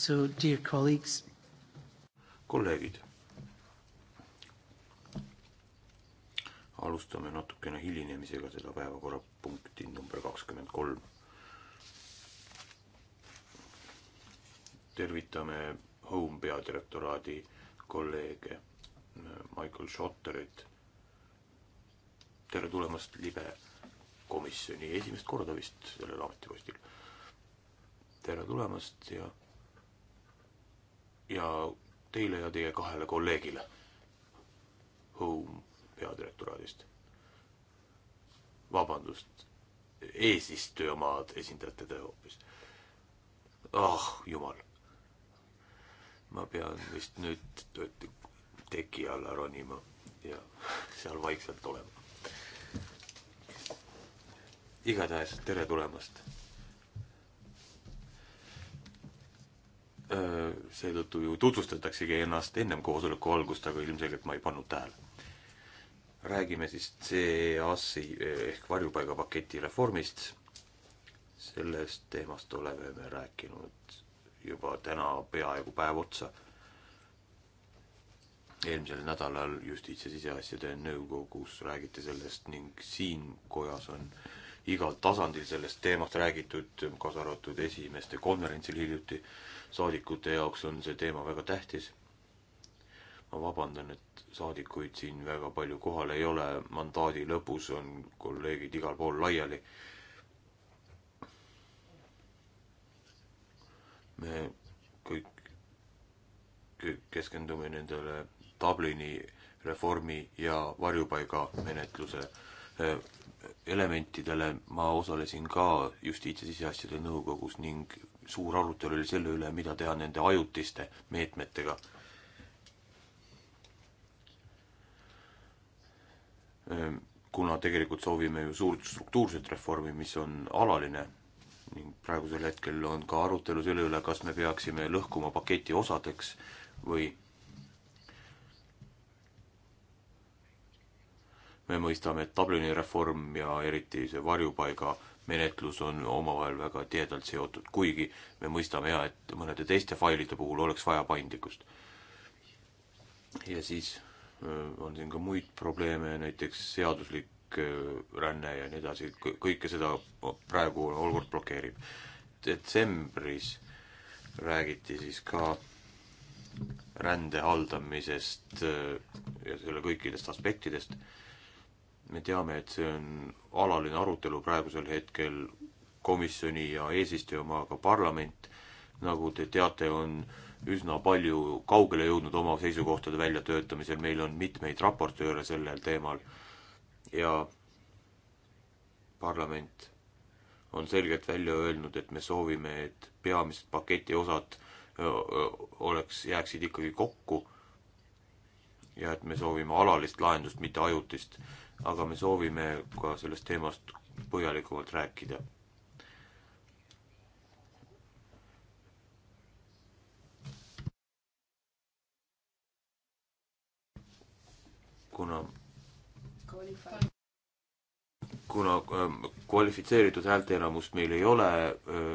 So dear colleagues. kolleegid. alustame natukene hilinemisega seda päevakorrapunkti number kakskümmend kolm. tervitame Home peadirektoraadi kolleege äh, Michael Schotterit. tere tulemast libe komisjoni esimest korda vist sellel ametipostil. tere tulemast ja ja teile ja teie kahele kolleegile Home peadirektoraadist. vabandust, eesistujamaad esindate te hoopis. ah, jumal. ma pean vist nüüd teki alla ronima ja seal vaikselt olema. igatahes tere tulemast Äh, seetõttu ju tutvustataksegi ennast ennem koosoleku algust, aga ilmselgelt ma ei pannud tähele. räägime siis CEAS-i eh, ehk varjupaigapaketi reformist. sellest teemast oleme me rääkinud juba täna peaaegu päev otsa. eelmisel nädalal Justiits- ja Siseasjade Nõukogus räägiti sellest ning siin kojas on igal tasandil sellest teemast räägitud, kaasa arvatud esimeste konverentsil hiljuti saadikute jaoks on see teema väga tähtis. ma vabandan, et saadikuid siin väga palju kohal ei ole, mandaadi lõpus on kolleegid igal pool laiali. me kõik, kõik keskendume nendele Dublini reformi ja varjupaigamenetluse eh, elementidele ma osalesin ka justiits- ja siseasjade nõukogus ning suur arutelu oli selle üle, mida teha nende ajutiste meetmetega. Ehm, kuna tegelikult soovime ju suurt struktuurset reformi, mis on alaline ning praegusel hetkel on ka arutelu selle üle, kas me peaksime lõhkuma paketi osadeks või me mõistame, et Dublini reform ja eriti see varjupaiga äh, menetlus on omavahel väga tihedalt seotud, kuigi me mõistame ja, et mõnede teiste failide puhul oleks vaja paindlikkust. ja siis äh, on siin ka muid probleeme, näiteks seaduslik äh, ränne ja nii edasi, kõike seda praegu olukord blokeerib. detsembris räägiti siis ka rände haldamisest äh, ja selle kõikidest aspektidest me teame, et see on alaline arutelu praegusel hetkel komisjoni ja eesistuja omaga parlament, nagu te teate, on üsna palju kaugele jõudnud oma seisukohtade väljatöötamisel, meil on mitmeid raportööre sellel teemal ja parlament on selgelt välja öelnud, et me soovime, et peamised paketi osad oleks, jääksid ikkagi kokku ja et me soovime alalist lahendust, mitte ajutist aga me soovime ka sellest teemast põhjalikumalt rääkida. kuna kuna ähm, kvalifitseeritud häälteenamust meil ei ole äh,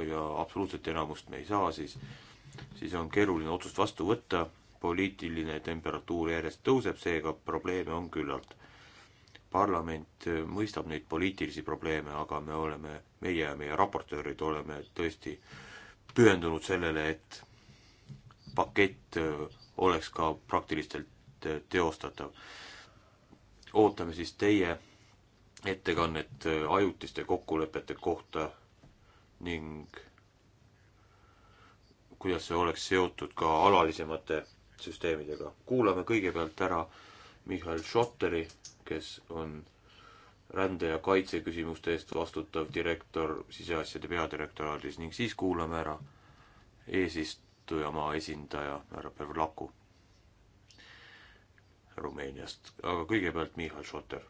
ja absoluutset enamust me ei saa, siis siis on keeruline otsust vastu võtta, poliitiline temperatuur järjest tõuseb, seega probleeme on küllalt parlament äh, mõistab neid poliitilisi probleeme, aga me oleme, meie ja meie raportöörid oleme tõesti pühendunud sellele, et pakett äh, oleks ka praktiliselt äh, teostatav. ootame siis teie ettekannet ajutiste kokkulepete kohta ning kuidas see oleks seotud ka alalisemate süsteemidega. kuulame kõigepealt ära Mihhail Schotteri kes on rände- ja kaitseküsimuste eest vastutav direktor siseasjade peadirektoraadis ning siis kuulame ära eesistujamaa esindaja härra Pevlaku Rumeeniast, aga kõigepealt Mihhail Šoter,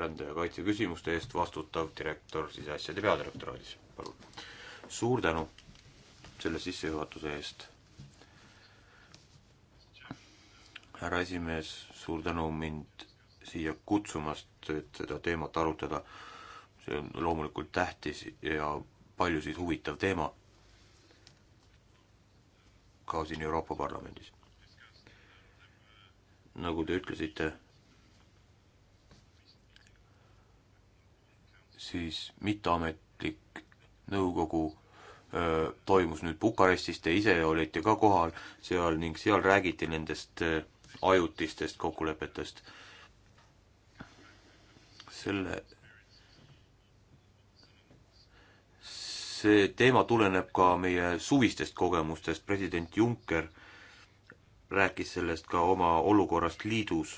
rände- ja kaitseküsimuste eest vastutav direktor siseasjade peadirektoraadis, palun. suur tänu selle sissejuhatuse eest. härra esimees, suur tänu mind siia kutsumast, et seda teemat arutada. see on loomulikult tähtis ja paljusid huvitav teema ka siin Euroopa Parlamendis. nagu te ütlesite, siis mitteametlik nõukogu öö, toimus nüüd Bukarestis, te ise olite ka kohal seal ning seal räägiti nendest öö, ajutistest kokkulepetest selle, see teema tuleneb ka meie suvistest kogemustest, president Juncker rääkis sellest ka oma olukorrast liidus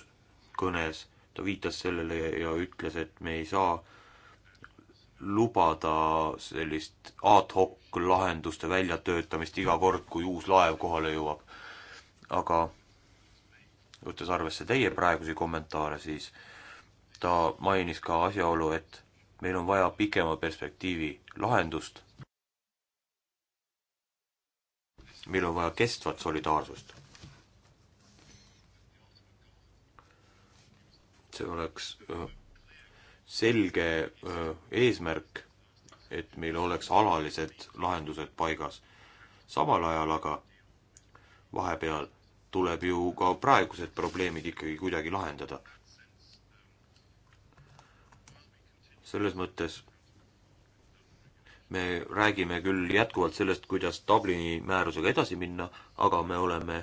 kõnes, ta viitas sellele ja ütles, et me ei saa lubada sellist ad hoc lahenduste väljatöötamist iga kord, kui uus laev kohale jõuab. aga võttes arvesse teie praegusi kommentaare, siis äh, ta mainis ka asjaolu, et meil on vaja pikema perspektiivi lahendust, meil on vaja kestvat solidaarsust. see oleks äh, selge äh, eesmärk, et meil oleks alalised lahendused paigas. samal ajal aga vahepeal tuleb ju ka praegused probleemid ikkagi kuidagi lahendada selles mõttes me räägime küll jätkuvalt sellest, kuidas Dublini määrusega edasi minna, aga me oleme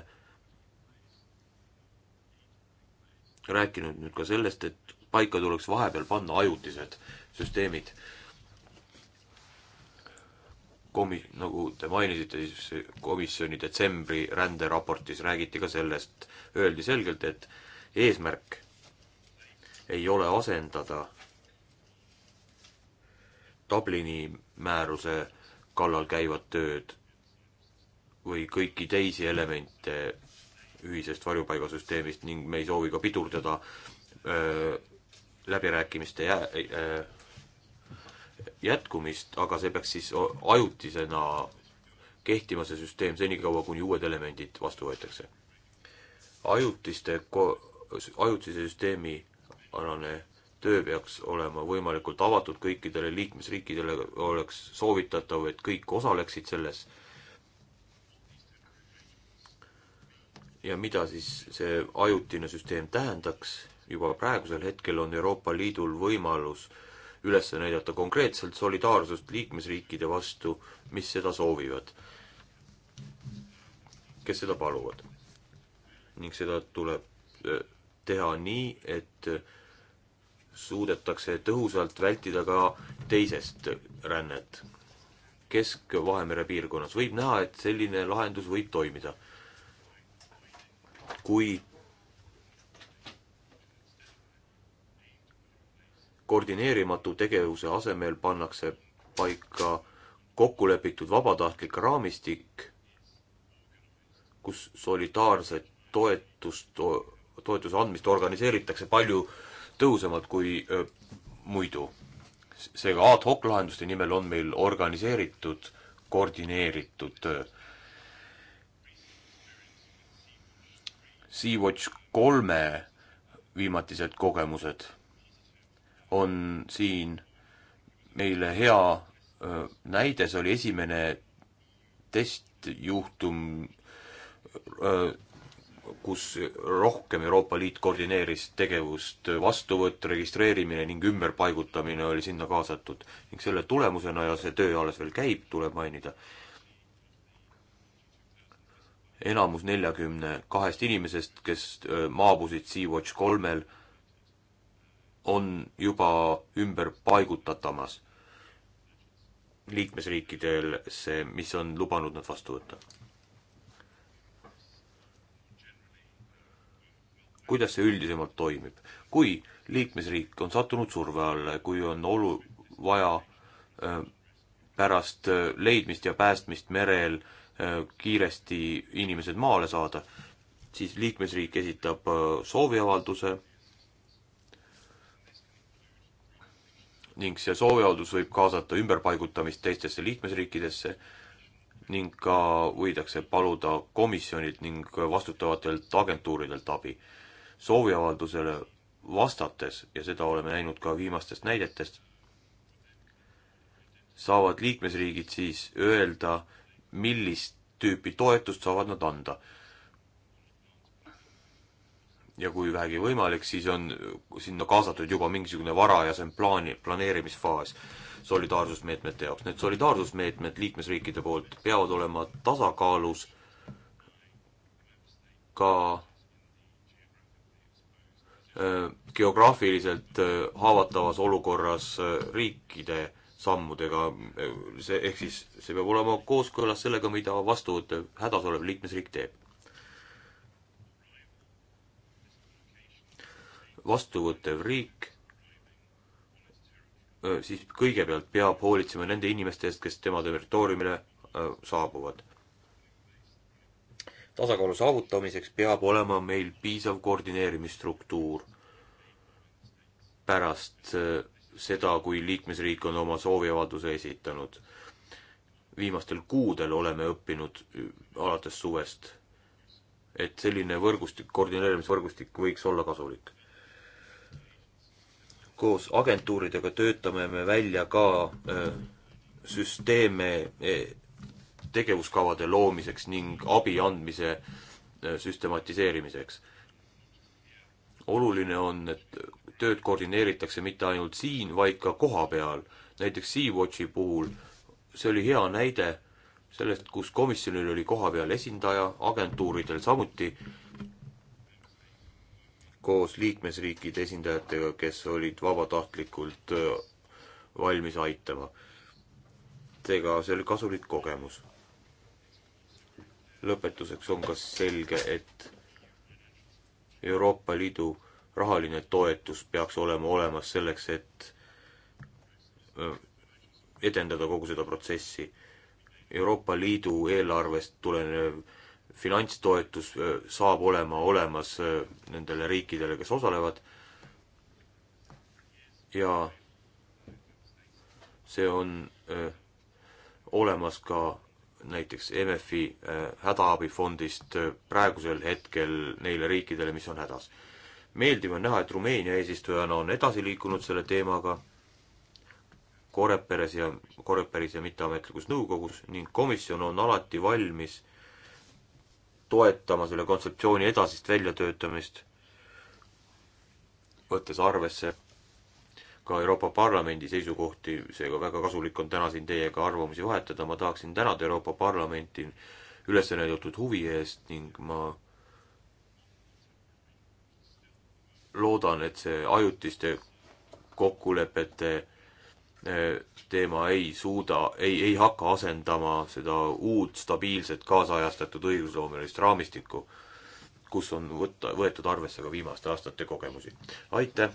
rääkinud nüüd ka sellest, et paika tuleks vahepeal panna ajutised süsteemid. Komi-, nagu te mainisite, siis komisjoni detsembri ränderaportis räägiti ka sellest, öeldi selgelt, et eesmärk ei ole asendada Dublini määruse kallal käivat tööd või kõiki teisi elemente ühisest varjupaigasüsteemist ning me ei soovi ka pidurdada öö, läbirääkimiste jä, öö, jätkumist, aga see peaks siis ajutisena kehtima, see süsteem, senikaua kuni uued elemendid vastu võetakse. ajutiste ko-, ajutise süsteemi alane töö peaks olema võimalikult avatud kõikidele liikmesriikidele, oleks soovitatav, et kõik osaleksid selles. ja mida siis see ajutine süsteem tähendaks, juba praegusel hetkel on Euroopa Liidul võimalus üles näidata konkreetselt solidaarsust liikmesriikide vastu, mis seda soovivad, kes seda paluvad. ning seda tuleb eh, teha nii, et suudetakse tõhusalt vältida ka teisest rännet. Kesk-Vahemere piirkonnas võib näha, et selline lahendus võib toimida. kui koordineerimatu tegevuse asemel pannakse paika kokkulepitud vabatahtlik raamistik, kus solidaarset toetust, toetuse andmist organiseeritakse palju äh, tõhusamad kui muidu. seega ad hoc lahenduste nimel on meil organiseeritud, koordineeritud töö. Sea-Watch kolme viimatised kogemused on siin meile hea näide, see oli esimene testjuhtum kus rohkem Euroopa Liit koordineeris tegevust, vastuvõtt, registreerimine ning ümberpaigutamine oli sinna kaasatud. ning selle tulemusena, ja see töö alles veel käib, tuleb mainida, enamus neljakümne kahest inimesest, kes maabusid Sea-Watch kolmel, on juba ümber paigutatamas liikmesriikidel see, mis on lubanud nad vastu võtta kuidas see üldisemalt toimib. kui liikmesriik on sattunud surve alla ja kui on olu-, vaja pärast leidmist ja päästmist merel kiiresti inimesed maale saada, siis liikmesriik esitab sooviavalduse ning see sooviavaldus võib kaasata ümberpaigutamist teistesse liikmesriikidesse ning ka võidakse paluda komisjonilt ning vastutavatelt agentuuridelt abi sooviavaldusele vastates, ja seda oleme näinud ka viimastest näidetest, saavad liikmesriigid siis öelda, millist tüüpi toetust saavad nad anda. ja kui vähegi võimalik, siis on sinna kaasatud juba mingisugune varajasem plaani, planeerimisfaas solidaarsusmeetmete jaoks. Need solidaarsusmeetmed liikmesriikide poolt peavad olema tasakaalus ka Äh, geograafiliselt äh, haavatavas olukorras äh, riikide sammudega, see, ehk siis see peab olema kooskõlas sellega, mida vastuvõttev hädas olev liikmesriik teeb. vastuvõttev riik siis kõigepealt peab hoolitsema nende inimeste eest, kes tema territooriumile saabuvad tasakaalu saavutamiseks peab olema meil piisav koordineerimisstruktuur pärast äh, seda, kui liikmesriik on oma sooviavalduse esitanud. viimastel kuudel oleme õppinud äh, alates suvest, et selline võrgustik, koordineerimisvõrgustik võiks olla kasulik. koos agentuuridega töötame me välja ka öö, äh, süsteeme e, tegevuskavade loomiseks ning abi andmise äh, süstematiseerimiseks. oluline on, et tööd koordineeritakse mitte ainult siin, vaid ka kohapeal. näiteks Sea-Watchi puhul, see oli hea näide sellest, kus komisjonil oli kohapeal esindaja, agentuuridel samuti, koos liikmesriikide esindajatega, kes olid vabatahtlikult äh, valmis aitama. seega see oli kasulik kogemus lõpetuseks on ka selge, et Euroopa Liidu rahaline toetus peaks olema olemas selleks, et edendada kogu seda protsessi. Euroopa Liidu eelarvest tulenev finantstoetus saab olema olemas nendele riikidele, kes osalevad ja see on öö, olemas ka näiteks MFi äh, hädaabifondist äh, praegusel hetkel neile riikidele, mis on hädas. meeldiv on näha, et Rumeenia eesistujana on edasi liikunud selle teemaga Koreperes ja, Koreperis ja mitteametlikus nõukogus ning komisjon on alati valmis toetama selle kontseptsiooni edasist väljatöötamist, võttes arvesse ka Euroopa Parlamendi seisukohti, seega väga kasulik on täna siin teiega arvamusi vahetada, ma tahaksin tänada Euroopa Parlamenti üles näidatud huvi eest ning ma loodan, et see ajutiste kokkulepete eh, teema ei suuda, ei, ei hakka asendama seda uut stabiilset kaasajastatud õigusloomelist raamistikku, kus on võtta, võetud arvesse ka viimaste aastate kogemusi. aitäh,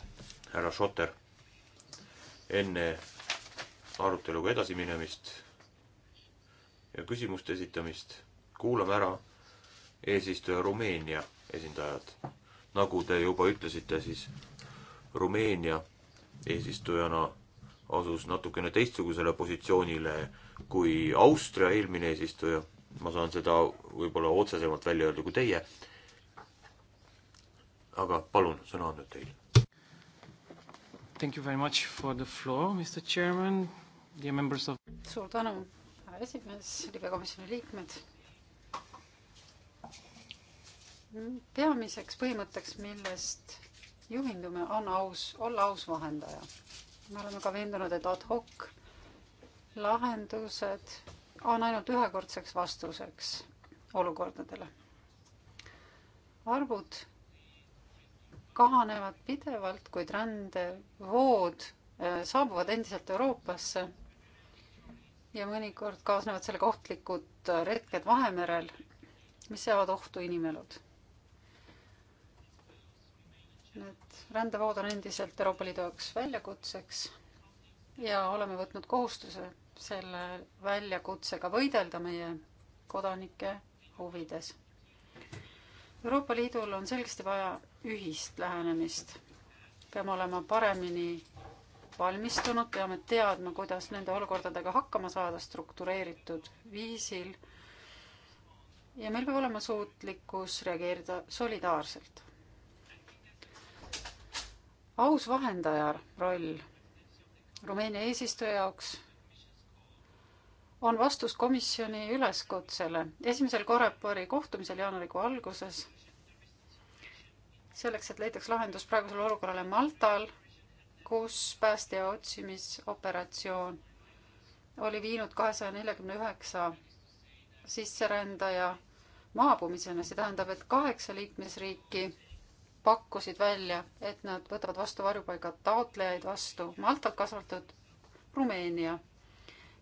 härra Schotter! enne aruteluga edasiminemist ja küsimuste esitamist kuulame ära eesistuja Rumeenia esindajad. nagu te juba ütlesite, siis Rumeenia eesistujana asus natukene teistsugusele positsioonile kui Austria eelmine eesistuja. ma saan seda võib-olla otsesemalt välja öelda kui teie. aga palun, sõna on nüüd teil Thank you very much for the floor, Mr Chairman, dear members of. suur tänu, härra esimees, libekomisjoni liikmed. peamiseks põhimõtteks, millest juhindume, on aus, olla aus vahendaja. me oleme ka veendunud, et ad hoc lahendused on ainult ühekordseks vastuseks olukordadele. arvud kahanevad pidevalt, kuid rändevood äh, saabuvad endiselt Euroopasse ja mõnikord kaasnevad sellega ohtlikud äh, retked Vahemerel, mis seavad ohtu inimelud. Need rändevood on endiselt Euroopa Liidu jaoks väljakutseks ja oleme võtnud kohustuse selle väljakutsega võidelda meie kodanike huvides Euroopa Liidul on selgesti vaja ühist lähenemist. peame olema paremini valmistunud, peame teadma, kuidas nende olukordadega hakkama saada struktureeritud viisil. ja meil peab olema suutlikkus reageerida solidaarselt. aus vahendaja roll Rumeenia eesistuja jaoks on vastus komisjoni üleskutsele esimesel Corepori kohtumisel jaanuarikuu alguses. selleks, et leitaks lahendus praegusele olukorrale Maltal, kus pääste- ja otsimisoperatsioon oli viinud kahesaja neljakümne üheksa sisserändaja maabumiseni, see tähendab, et kaheksa liikmesriiki pakkusid välja, et nad võtavad vastu varjupaiga taotlejaid vastu Maltalt, kaasa arvatud Rumeenia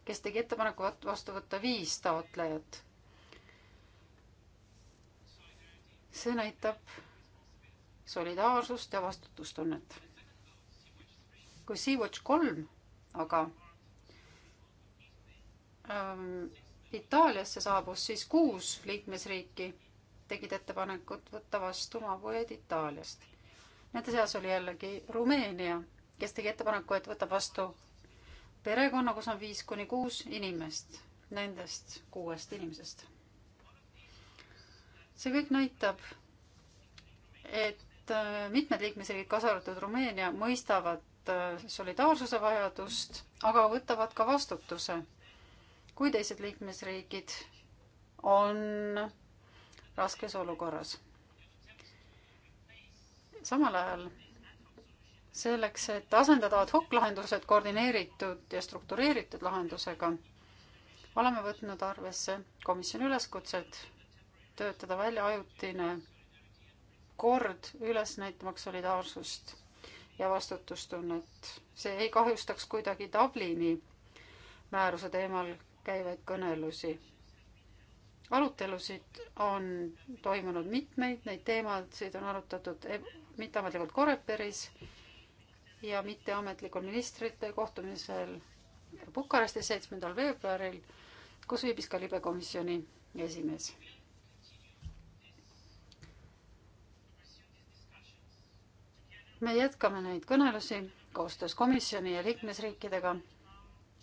kes tegi ettepaneku vastu võtta viis taotlejat. see näitab solidaarsust ja vastutustunnet. kui Sea-Watch kolm aga ähm, Itaaliasse saabus, siis kuus liikmesriiki tegid ettepanekut võtta vastu maapõed Itaaliast. Nende seas oli jällegi Rumeenia, kes tegi ettepaneku, et võtab vastu perekonna, kus on viis kuni kuus inimest, nendest kuuest inimesest. see kõik näitab, et äh, mitmed liikmesriigid, kaasa arvatud Rumeenia, mõistavad äh, solidaarsuse vajadust, aga võtavad ka vastutuse. kui teised liikmesriigid on raskes olukorras. samal ajal selleks, et asendada ad hoc lahendused koordineeritud ja struktureeritud lahendusega, oleme võtnud arvesse komisjoni üleskutset töötada välja ajutine kord üles näitamaks solidaarsust ja vastutustunnet. see ei kahjustaks kuidagi Dublini määruse teemal käivaid kõnelusi. arutelusid on toimunud mitmeid, neid teemasid on arutatud e-, mitteametlikult Koreperis ja mitteametlikul ministrite kohtumisel Bukarestis seitsmendal veebruaril, kus viibis ka libekomisjoni esimees. me jätkame neid kõnelusi koostöös komisjoni ja liikmesriikidega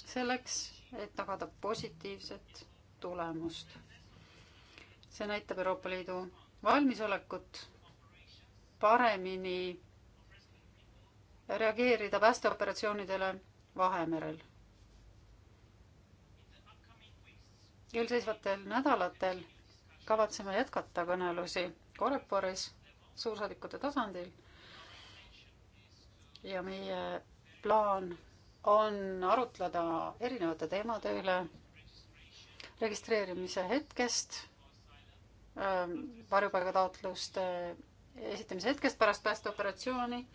selleks, et tagada positiivset tulemust. see näitab Euroopa Liidu valmisolekut paremini reageerida päästeoperatsioonidele Vahemerel. eelseisvatel nädalatel kavatseme jätkata kõnelusi Koreporis suursaadikute tasandil ja meie plaan on arutleda erinevate teemade üle registreerimise hetkest, ähm, varjupaigataotluste esitamise hetkest pärast päästeoperatsiooni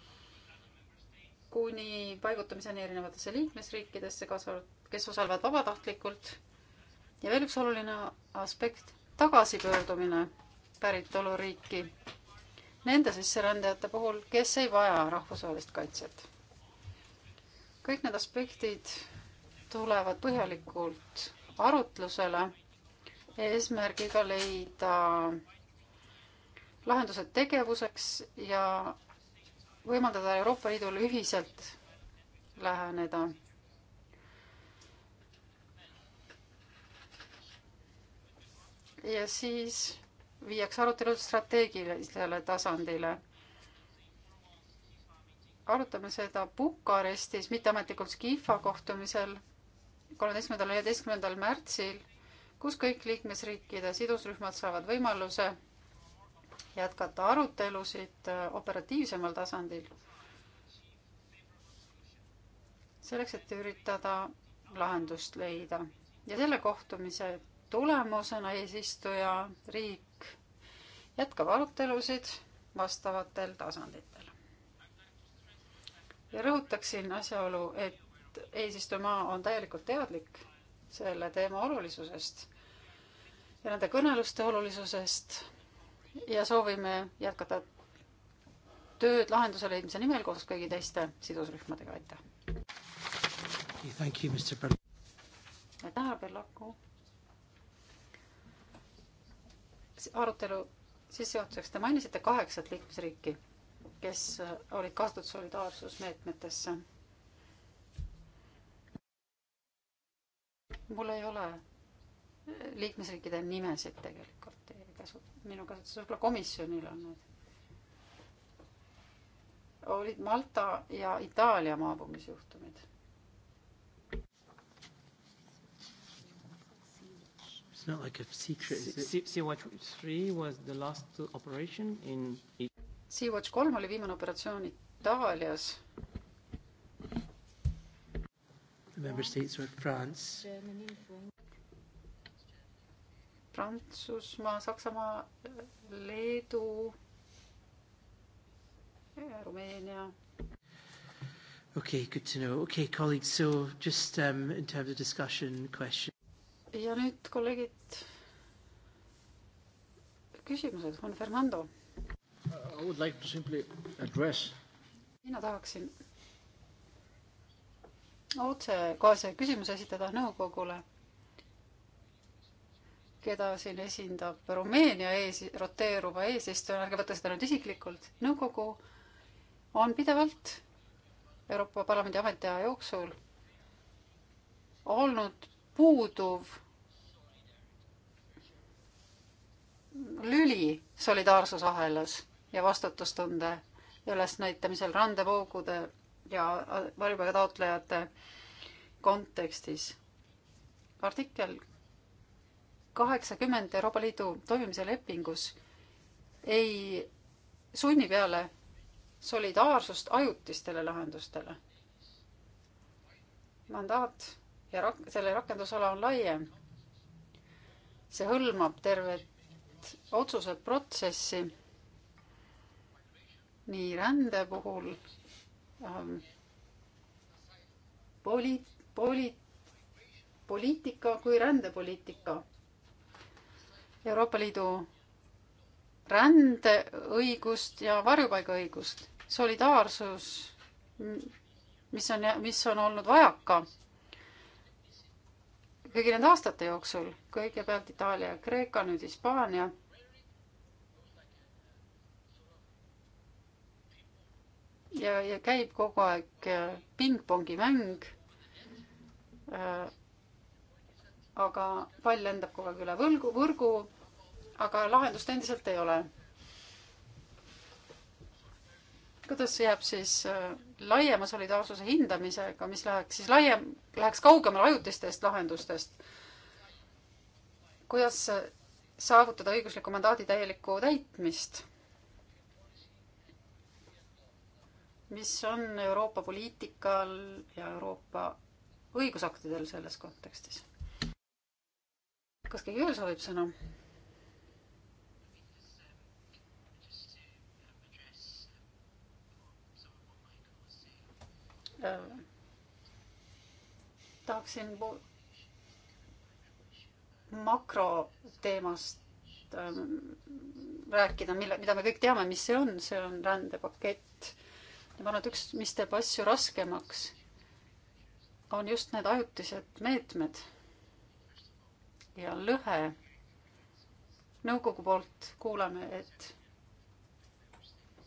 kuni paigutamiseni erinevatesse liikmesriikidesse, kaasa arvatud, kes osalevad vabatahtlikult. ja veel üks oluline aspekt, tagasipöördumine päritoluriiki nende sisserändajate puhul, kes ei vaja rahvusvahelist kaitset. kõik need aspektid tulevad põhjalikult arutlusele eesmärgiga leida lahendused tegevuseks ja võimaldada Euroopa Liidul ühiselt läheneda. ja siis viiakse arutelud strateegilisele tasandile. arutame seda Bukarestis mitteametlikult Skifa kohtumisel kolmeteistkümnendal, neljateistkümnendal märtsil, kus kõik liikmesriikide sidusrühmad saavad võimaluse jätkata arutelusid äh, operatiivsemal tasandil. selleks, et üritada lahendust leida ja selle kohtumise tulemusena eesistuja riik jätkab arutelusid vastavatel tasanditel. ja rõhutaksin asjaolu, et eesistujamaa on täielikult teadlik selle teema olulisusest ja nende kõneluste olulisusest ja soovime jätkata tööd lahenduse leidmise nimel koos kõigi teiste sidusrühmadega, aitäh. aitäh, härra Berlaku. arutelu sissejuhatuseks te mainisite kaheksat liikmesriiki, kes äh, olid kaasatud solidaarsusmeetmetesse. mul ei ole äh, liikmesriikide nimesid tegelikult minu käsutuses, võib-olla komisjonil on need. olid Malta ja Itaalia maabumisjuhtumid. It's not like a secret. Sea-Watch three was the last operation in. Sea-Watch kolm oli viimane operatsioon Itaalias. The member states were France. Prantsusmaa, Saksamaa, Leedu, Rumeenia. Okay, good to know. Okay, colleagues, so just um, in terms of discussion, question. ja nüüd kolleegid, küsimused, Juan Fernando. I would like to simply address. mina tahaksin otsekohese küsimuse esitada nõukogule keda siin esindab Rumeenia ees, roteeruva eesistujana, ärge võta seda nüüd isiklikult, nõukogu on pidevalt Euroopa Parlamendi ametiaja jooksul olnud puuduv lüli solidaarsusahelas ja vastutustunde ülesnäitamisel randevoogude ja varjupaiga taotlejate kontekstis. artikkel kaheksakümmend Euroopa Liidu toimimise lepingus ei sunni peale solidaarsust ajutistele lahendustele. mandaat ja rak-, selle rakendusala on laiem. see hõlmab tervet otsuse protsessi nii rände puhul ähm, poli-, poli-, poliitika kui rändepoliitika Euroopa Liidu rändeõigust ja varjupaigaõigust. solidaarsus, mis on, mis on olnud vajaka kõigi nende aastate jooksul, kõigepealt Itaalia ja Kreeka, nüüd Hispaania. ja, ja käib kogu aeg pingpongi mäng. Äh, aga pall lendab kogu aeg üle võlgu, võrgu aga lahendust endiselt ei ole. kuidas jääb siis äh, laiema solidaarsuse hindamisega, mis läheks siis laiem, läheks kaugemale ajutistest lahendustest? kuidas äh, saavutada õigusliku mandaadi täielikku täitmist? mis on Euroopa poliitikal ja Euroopa õigusaktidel selles kontekstis? kas keegi veel soovib sõna? tahaksin makroteemast ähm, rääkida, mille, mida me kõik teame, mis see on, see on rändepakett. ja ma arvan, et üks, mis teeb asju raskemaks, on just need ajutised meetmed ja lõhe. nõukogu poolt kuuleme, et,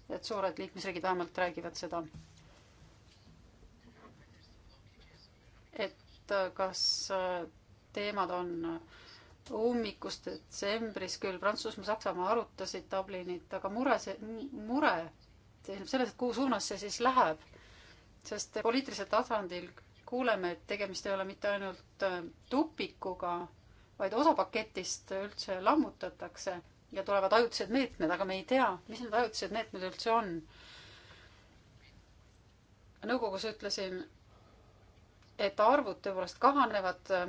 et suured liikmesriigid vähemalt räägivad seda et äh, kas äh, teemad on äh, ummikus detsembris küll Prantsusmaa, Saksamaa arutasid Dublinit, aga mure, see mure seisneb selles, et kuhu suunas see siis läheb. sest poliitilisel tasandil kuuleme, et tegemist ei ole mitte ainult tupikuga, vaid osa paketist üldse lammutatakse ja tulevad ajutised meetmed, aga me ei tea, mis need ajutised meetmed üldse on. nõukogus ütlesin et arvud tõepoolest kahanevad äh,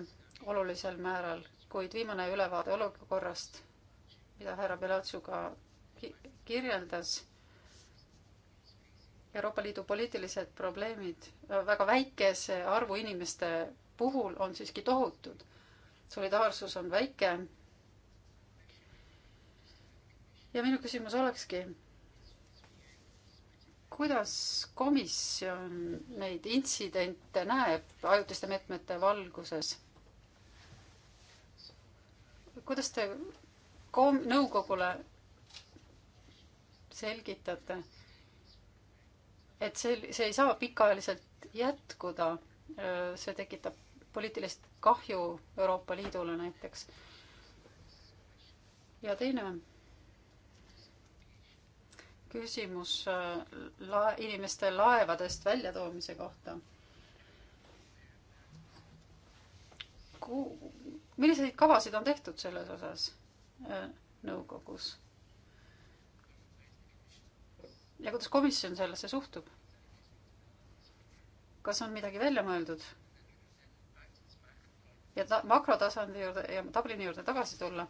olulisel määral, kuid viimane ülevaade olukorrast, mida härra Belatsuga kirjeldas Euroopa Liidu poliitilised probleemid äh, väga väikese arvu inimeste puhul on siiski tohutud. solidaarsus on väike. ja minu küsimus olekski, kuidas komisjon neid intsidente näeb ajutiste meetmete valguses? kuidas te kom-, nõukogule selgitate, et see, see ei saa pikaajaliselt jätkuda, see tekitab poliitilist kahju Euroopa Liidule näiteks. ja teine küsimus äh, la-, inimeste laevadest väljatoomise kohta. Ku-, milliseid kavasid on tehtud selles osas äh, nõukogus? ja kuidas komisjon sellesse suhtub? kas on midagi välja mõeldud? ja ta-, makrotasandi juurde ja Dublini juurde tagasi tulla,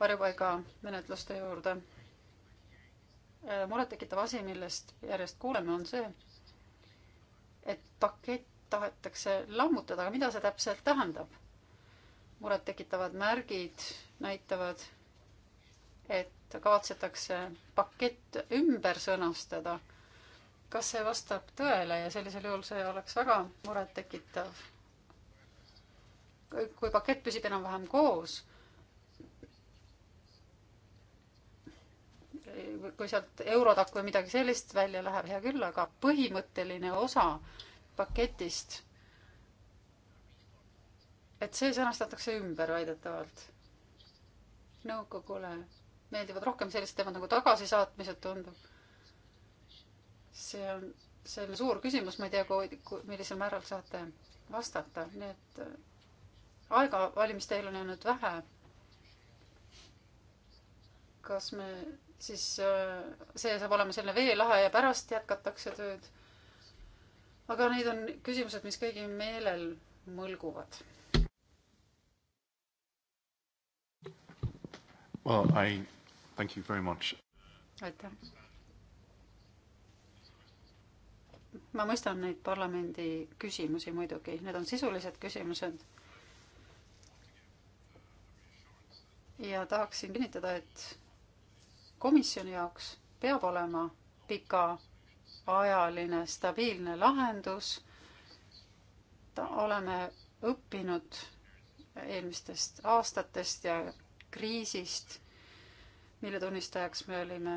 varjupaiga menetluste juurde Äh, murettekitav asi, millest järjest kuuleme, on see, et pakett tahetakse lammutada, aga mida see täpselt tähendab? murettekitavad märgid näitavad, et kavatsetakse pakett ümber sõnastada. kas see vastab tõele ja sellisel juhul see oleks väga murettekitav? kui pakett püsib enam-vähem koos kui sealt Eurodac või midagi sellist välja läheb, hea küll, aga põhimõtteline osa paketist, et see sõnastatakse ümber väidetavalt nõukogule meeldivad rohkem sellised teemad nagu tagasisaatmised, tundub. see on, see on suur küsimus, ma ei tea, kui, millisel määral saate vastata, nii et äh, aega valimisteel on jäänud vähe. kas me siis äh, see saab olema selline veelahe ja pärast jätkatakse tööd. aga need on küsimused, mis kõigi meelel mõlguvad. Well, I thank you very much. aitäh. ma mõistan neid parlamendi küsimusi muidugi, need on sisulised küsimused ja tahaksin kinnitada, et komisjoni jaoks peab olema pikaajaline stabiilne lahendus. oleme õppinud eelmistest aastatest ja kriisist, mille tunnistajaks me olime.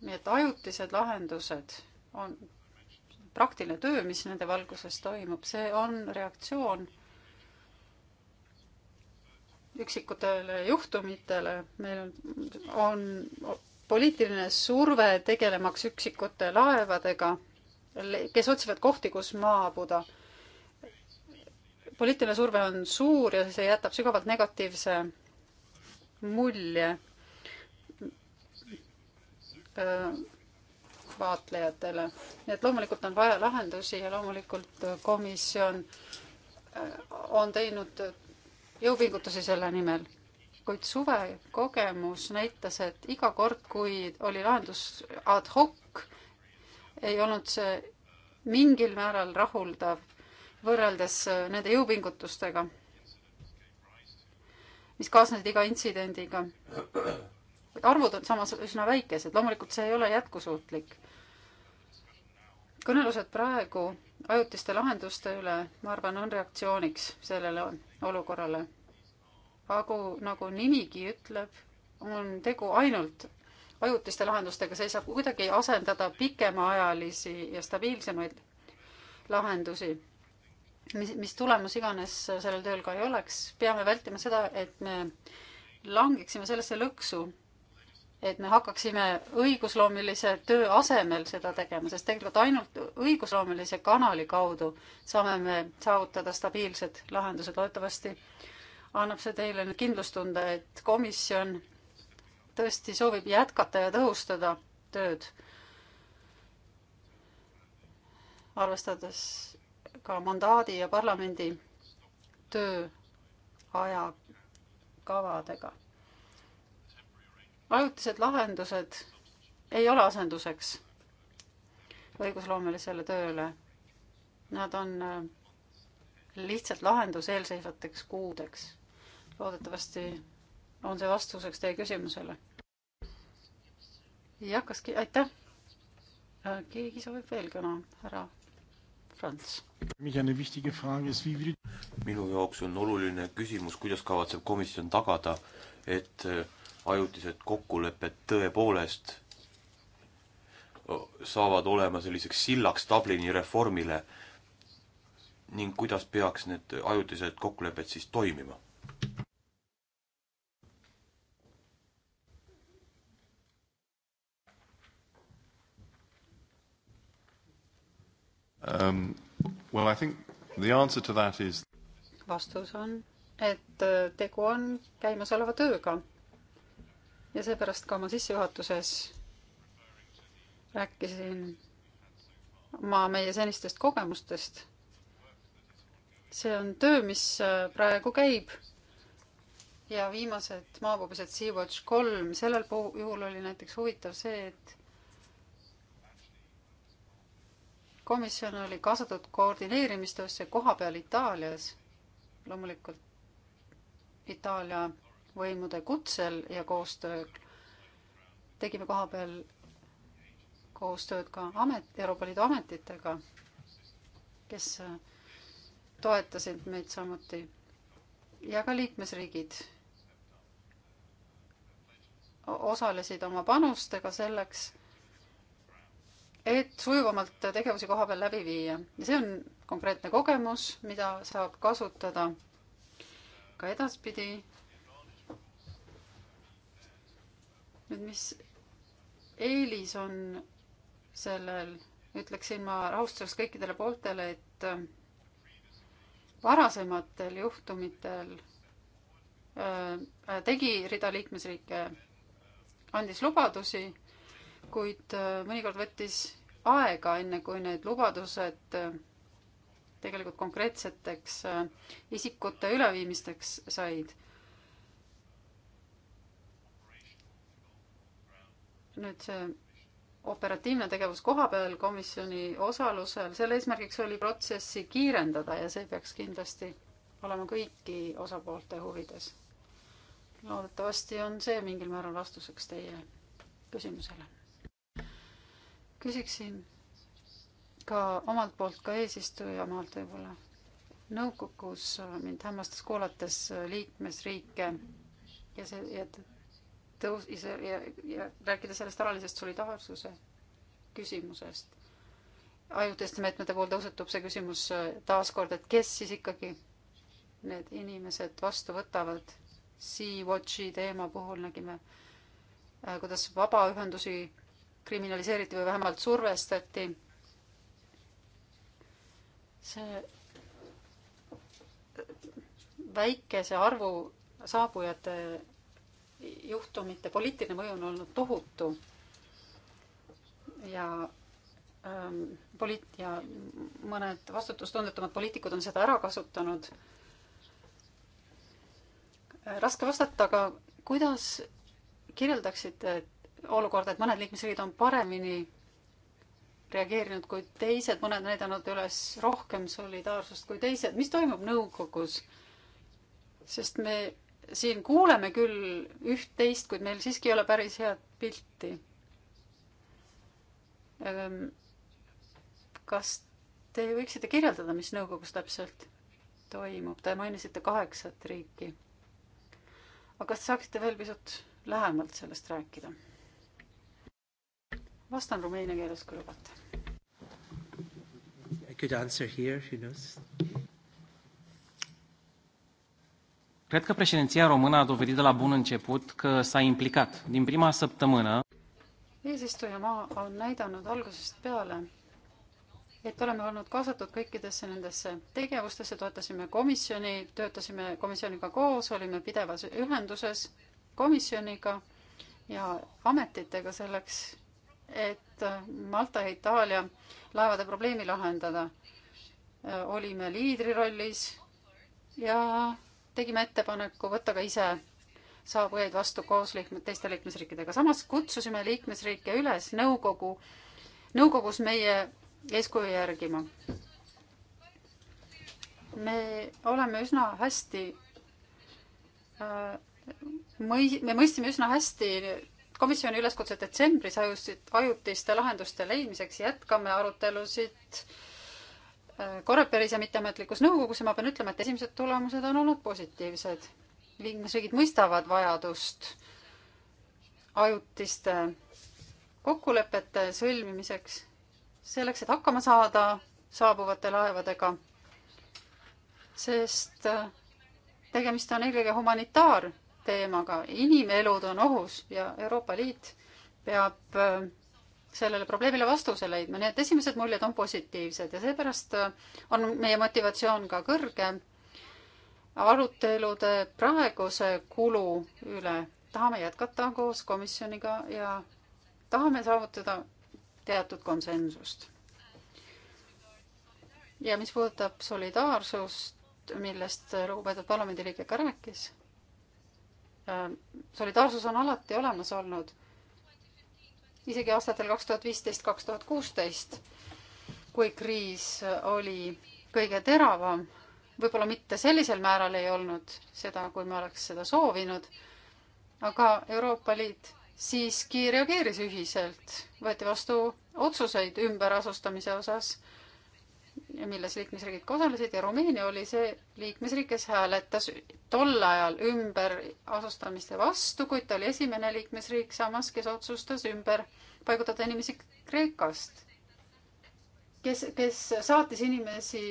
nii et ajutised lahendused on praktiline töö, mis nende valguses toimub, see on reaktsioon üksikutele juhtumitele, meil on, on poliitiline surve tegelemaks üksikute laevadega, kes otsivad kohti, kus maabuda. poliitiline surve on suur ja see jätab sügavalt negatiivse mulje äh, vaatlejatele. nii et loomulikult on vaja lahendusi ja loomulikult komisjon äh, on teinud jõupingutusi selle nimel, kuid suve kogemus näitas, et iga kord, kui oli lahendus ad hoc, ei olnud see mingil määral rahuldav võrreldes äh, nende jõupingutustega, mis kaasnesid iga intsidendiga. arvud on samas üsna väikesed, loomulikult see ei ole jätkusuutlik kõnelused praegu ajutiste lahenduste üle, ma arvan, on reaktsiooniks sellele olukorrale. aga nagu nimigi ütleb, on tegu ainult ajutiste lahendustega, see ei saa kuidagi asendada pikemaajalisi ja stabiilsemaid lahendusi. mis, mis tulemus iganes sellel tööl ka ei oleks, peame vältima seda, et me langeksime sellesse lõksu, et me hakkaksime õigusloomelise töö asemel seda tegema, sest tegelikult ainult õigusloomelise kanali kaudu saame me saavutada stabiilsed lahendused. loodetavasti annab see teile nüüd kindlustunde, et komisjon tõesti soovib jätkata ja tõhustada tööd. arvestades ka mandaadi ja parlamendi töö ajakavadega ajutised lahendused ei ole asenduseks õigusloomelisele tööle. Nad on äh, lihtsalt lahendus eelseisvateks kuudeks. loodetavasti on see vastuseks teie küsimusele. jah, kas, aitäh. Äh, keegi soovib veel kõna, härra Franz? minu jaoks on oluline küsimus, kuidas kavatseb komisjon tagada, et äh, ajutised kokkulepped tõepoolest saavad olema selliseks sillaks Dublini reformile ning kuidas peaks need ajutised kokkulepped siis toimima? Um, well, I think the answer to that is vastus on, et tegu on käimasoleva tööga ja seepärast ka oma sissejuhatuses rääkisin ma meie senistest kogemustest. see on töö, mis äh, praegu käib. ja viimased maapõhjused Sea-Watch kolm, sellel juhul oli näiteks huvitav see, et komisjon oli kaasatud koordineerimistöösse koha peal Itaalias. loomulikult Itaalia võimude kutsel ja koostööl. tegime kohapeal koostööd ka amet, Euroopa Liidu ametitega, kes äh, toetasid meid samuti ja ka liikmesriigid osalesid oma panustega selleks, et sujuvamalt tegevusi koha peal läbi viia ja see on konkreetne kogemus, mida saab kasutada ka edaspidi nüüd, mis eelis on sellel, ütleksin ma rahustuseks kõikidele pooltele, et äh, varasematel juhtumitel äh, äh, tegi rida liikmesriike, andis lubadusi, kuid mõnikord võttis aega, enne kui need lubadused tegelikult konkreetseteks isikute üleviimisteks said nüüd see operatiivne tegevus kohapeal komisjoni osalusel, selle eesmärgiks oli protsessi kiirendada ja see peaks kindlasti olema kõiki osapoolte huvides. loodetavasti on see mingil määral vastuseks teie küsimusele. küsiksin ka omalt poolt, ka eesistuja maalt võib-olla. nõukogus mind hämmastas kuulates liikmesriike ja see, et tõus- ja, ja, ja rääkida sellest alalisest solidaarsuse küsimusest. ajutiste meetmete puhul tõusetub see küsimus äh, taaskord, et kes siis ikkagi need inimesed vastu võtavad. Sea-Watchi teema puhul nägime, äh, kuidas vabaühendusi kriminaliseeriti või vähemalt survestati. see äh, väikese arvu saabujate juhtumite poliitiline mõju on olnud tohutu ja ähm, poliit- ja mõned vastutustundetumad poliitikud on seda ära kasutanud. Äh, raske vastata, aga kuidas kirjeldaksite olukorda, et mõned liikmesriigid on paremini reageerinud kui teised, mõned näidanud üles rohkem solidaarsust kui teised, mis toimub nõukogus? sest me siin kuuleme küll üht-teist, kuid meil siiski ei ole päris head pilti. Ehm, kas te võiksite kirjeldada, mis nõukogus täpselt toimub? Te mainisite kaheksat riiki. aga kas te saaksite veel pisut lähemalt sellest rääkida? vastan rumeenia keeles, kui lubate. I could answer here, who knows Cred că președinția română a dovedit de la bun început că s-a implicat. Din prima săptămână... eesistujamaa on näidanud algusest peale, et oleme olnud kaasatud kõikidesse nendesse tegevustesse, toetasime komisjoni, töötasime komisjoniga koos, olime pidevas ühenduses komisjoniga ja ametitega selleks, et Malta ja Itaalia laevade probleemi lahendada. olime liidri rollis ja tegime ettepaneku võtta ka ise saabujaid vastu koos liikmed, teiste liikmesriikidega. samas kutsusime liikmesriike üles nõukogu, nõukogus meie eeskuju järgima. me oleme üsna hästi äh, mõi-, me mõistsime üsna hästi komisjoni üleskutse detsembris ajusid, ajutiste lahenduste leidmiseks, jätkame arutelusid äh, Koreperis ja mitteametlikus nõukogus ja ma pean ütlema, et esimesed tulemused on olnud positiivsed. liikmesriigid mõistavad vajadust ajutiste kokkulepete sõlmimiseks, selleks, et hakkama saada saabuvate laevadega, sest äh, tegemist on eelkõige humanitaarteemaga, inimelud on ohus ja Euroopa Liit peab äh, sellele probleemile vastuse leidma, nii et esimesed muljed on positiivsed ja seepärast äh, on meie motivatsioon ka kõrge. arutelude praeguse kulu üle tahame jätkata koos komisjoniga ja tahame saavutada teatud konsensust. ja mis puudutab solidaarsust, millest lugupeetud parlamendiliige ka rääkis, äh, solidaarsus on alati olemas olnud isegi aastatel kaks tuhat viisteist, kaks tuhat kuusteist, kui kriis oli kõige teravam, võib-olla mitte sellisel määral ei olnud seda, kui me oleks seda soovinud, aga Euroopa Liit siiski reageeris ühiselt, võeti vastu otsuseid ümberasustamise osas milles liikmesriigid ka osalesid ja Rumeenia oli see liikmesriik, kes hääletas tol ajal ümberasustamiste vastu, kuid ta oli esimene liikmesriik samas, kes otsustas ümber paigutada inimesi Kreekast, kes, kes saatis inimesi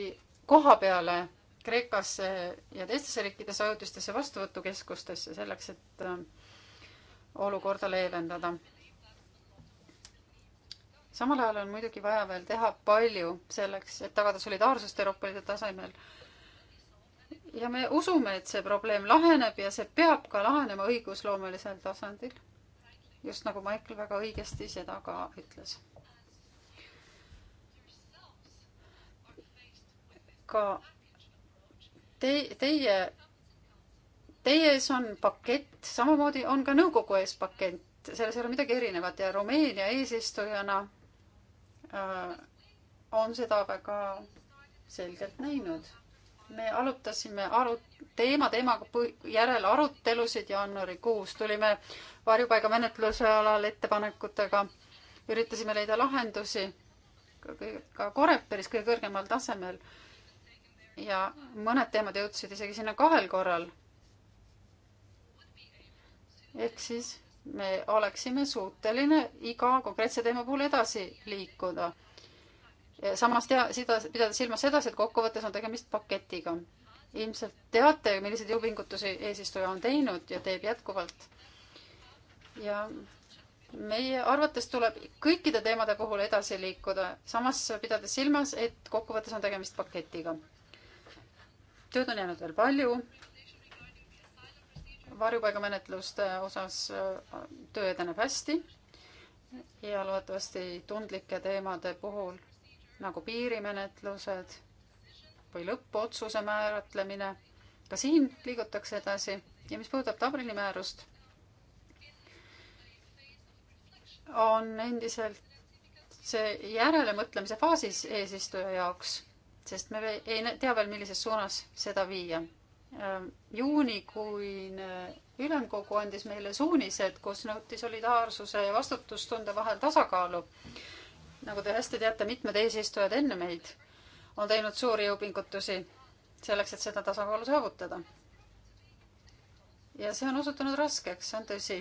koha peale Kreekasse ja teistesse riikidesse ajutistesse vastuvõtukeskustesse selleks, et äh, olukorda leevendada samal ajal on muidugi vaja veel teha palju selleks, et tagada solidaarsust Euroopa Liidu tasemel. ja me usume, et see probleem laheneb ja see peab ka lahenema õigusloomelisel tasandil. just nagu Michael väga õigesti seda ka ütles. ka te, teie, teie ees on pakett, samamoodi on ka nõukogu ees pakett, selles ei ole midagi erinevat ja Rumeenia eesistujana Äh, on seda väga selgelt näinud. me arutasime aru, teema teemaga järel arutelusid jaanuarikuus, tulime varjupaigamenetluse alal ettepanekutega, üritasime leida lahendusi ka, ka Koreperis kõige kõrgemal tasemel. ja mõned teemad jõudsid isegi sinna kahel korral. ehk siis me oleksime suuteline iga konkreetse teema puhul edasi liikuda. samas tea, seda, pidada silmas sedasi, et kokkuvõttes on tegemist paketiga. ilmselt teate, milliseid jõupingutusi eesistuja on teinud ja teeb jätkuvalt. ja meie arvates tuleb kõikide teemade puhul edasi liikuda, samas pidades silmas, et kokkuvõttes on tegemist paketiga. tööd on jäänud veel palju varjupaigamenetluste osas äh, töö edeneb hästi ja loodetavasti tundlike teemade puhul nagu piirimenetlused või lõppotsuse määratlemine, ka siin liigutakse edasi ja mis puudutab Dublini määrust, on endiselt see järelemõtlemise faasis eesistuja jaoks, sest me ei tea veel, millises suunas seda viia Äh, juunikuine ülemkogu andis meile suunised, kus nõuti solidaarsuse ja vastutustunde vahel tasakaalu. nagu te hästi teate, mitmed eesistujad enne meid on teinud suuri jõupingutusi selleks, et seda tasakaalu saavutada. ja see on osutunud raskeks, see on tõsi.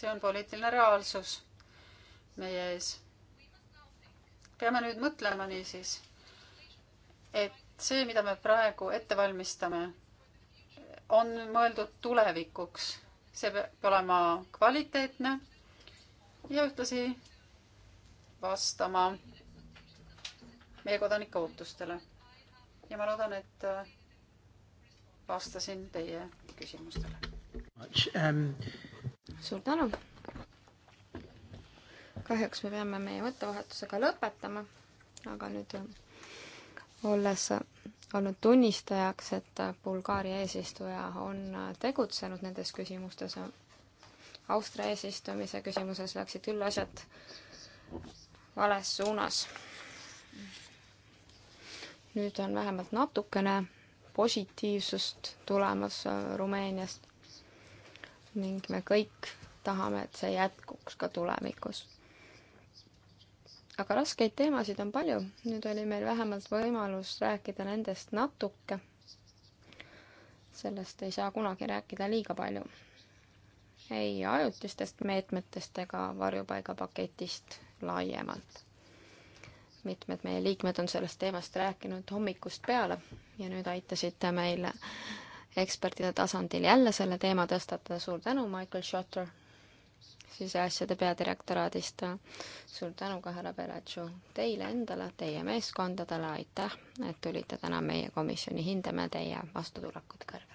see on poliitiline reaalsus meie ees. peame nüüd mõtlema niisiis, et see, mida me praegu ette valmistame on mõeldud tulevikuks. see peab olema kvaliteetne ja ühtlasi vastama meie kodanike ootustele. ja ma loodan, et äh, vastasin teie küsimustele. Ähm, suur tänu. kahjuks me peame meie mõttevahetusega lõpetama, aga nüüd äh, olles äh, olnud tunnistajaks, et Bulgaaria eesistuja on tegutsenud nendes küsimustes. Austria eesistumise küsimuses läksid küll asjad vales suunas. nüüd on vähemalt natukene positiivsust tulemas Rumeeniast ning me kõik tahame, et see jätkuks ka tulevikus aga raskeid teemasid on palju, nüüd oli meil vähemalt võimalus rääkida nendest natuke. sellest ei saa kunagi rääkida liiga palju. ei ajutistest meetmetest ega varjupaigapaketist laiemalt. mitmed meie liikmed on sellest teemast rääkinud hommikust peale ja nüüd aitasite meile ekspertide tasandil jälle selle teema tõstatada. suur tänu, Michael Schotter siseasjade peadirektoraadist. suur tänu ka, härra Peretšu, teile endale, teie meeskondadele, aitäh, et tulite täna meie komisjoni hindama teie vastutulekut kõrgelt.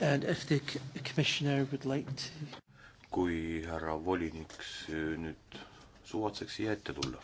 And if the commissioner would like to... kui härra volinik äh, nüüd suvatseks siia ette tulla.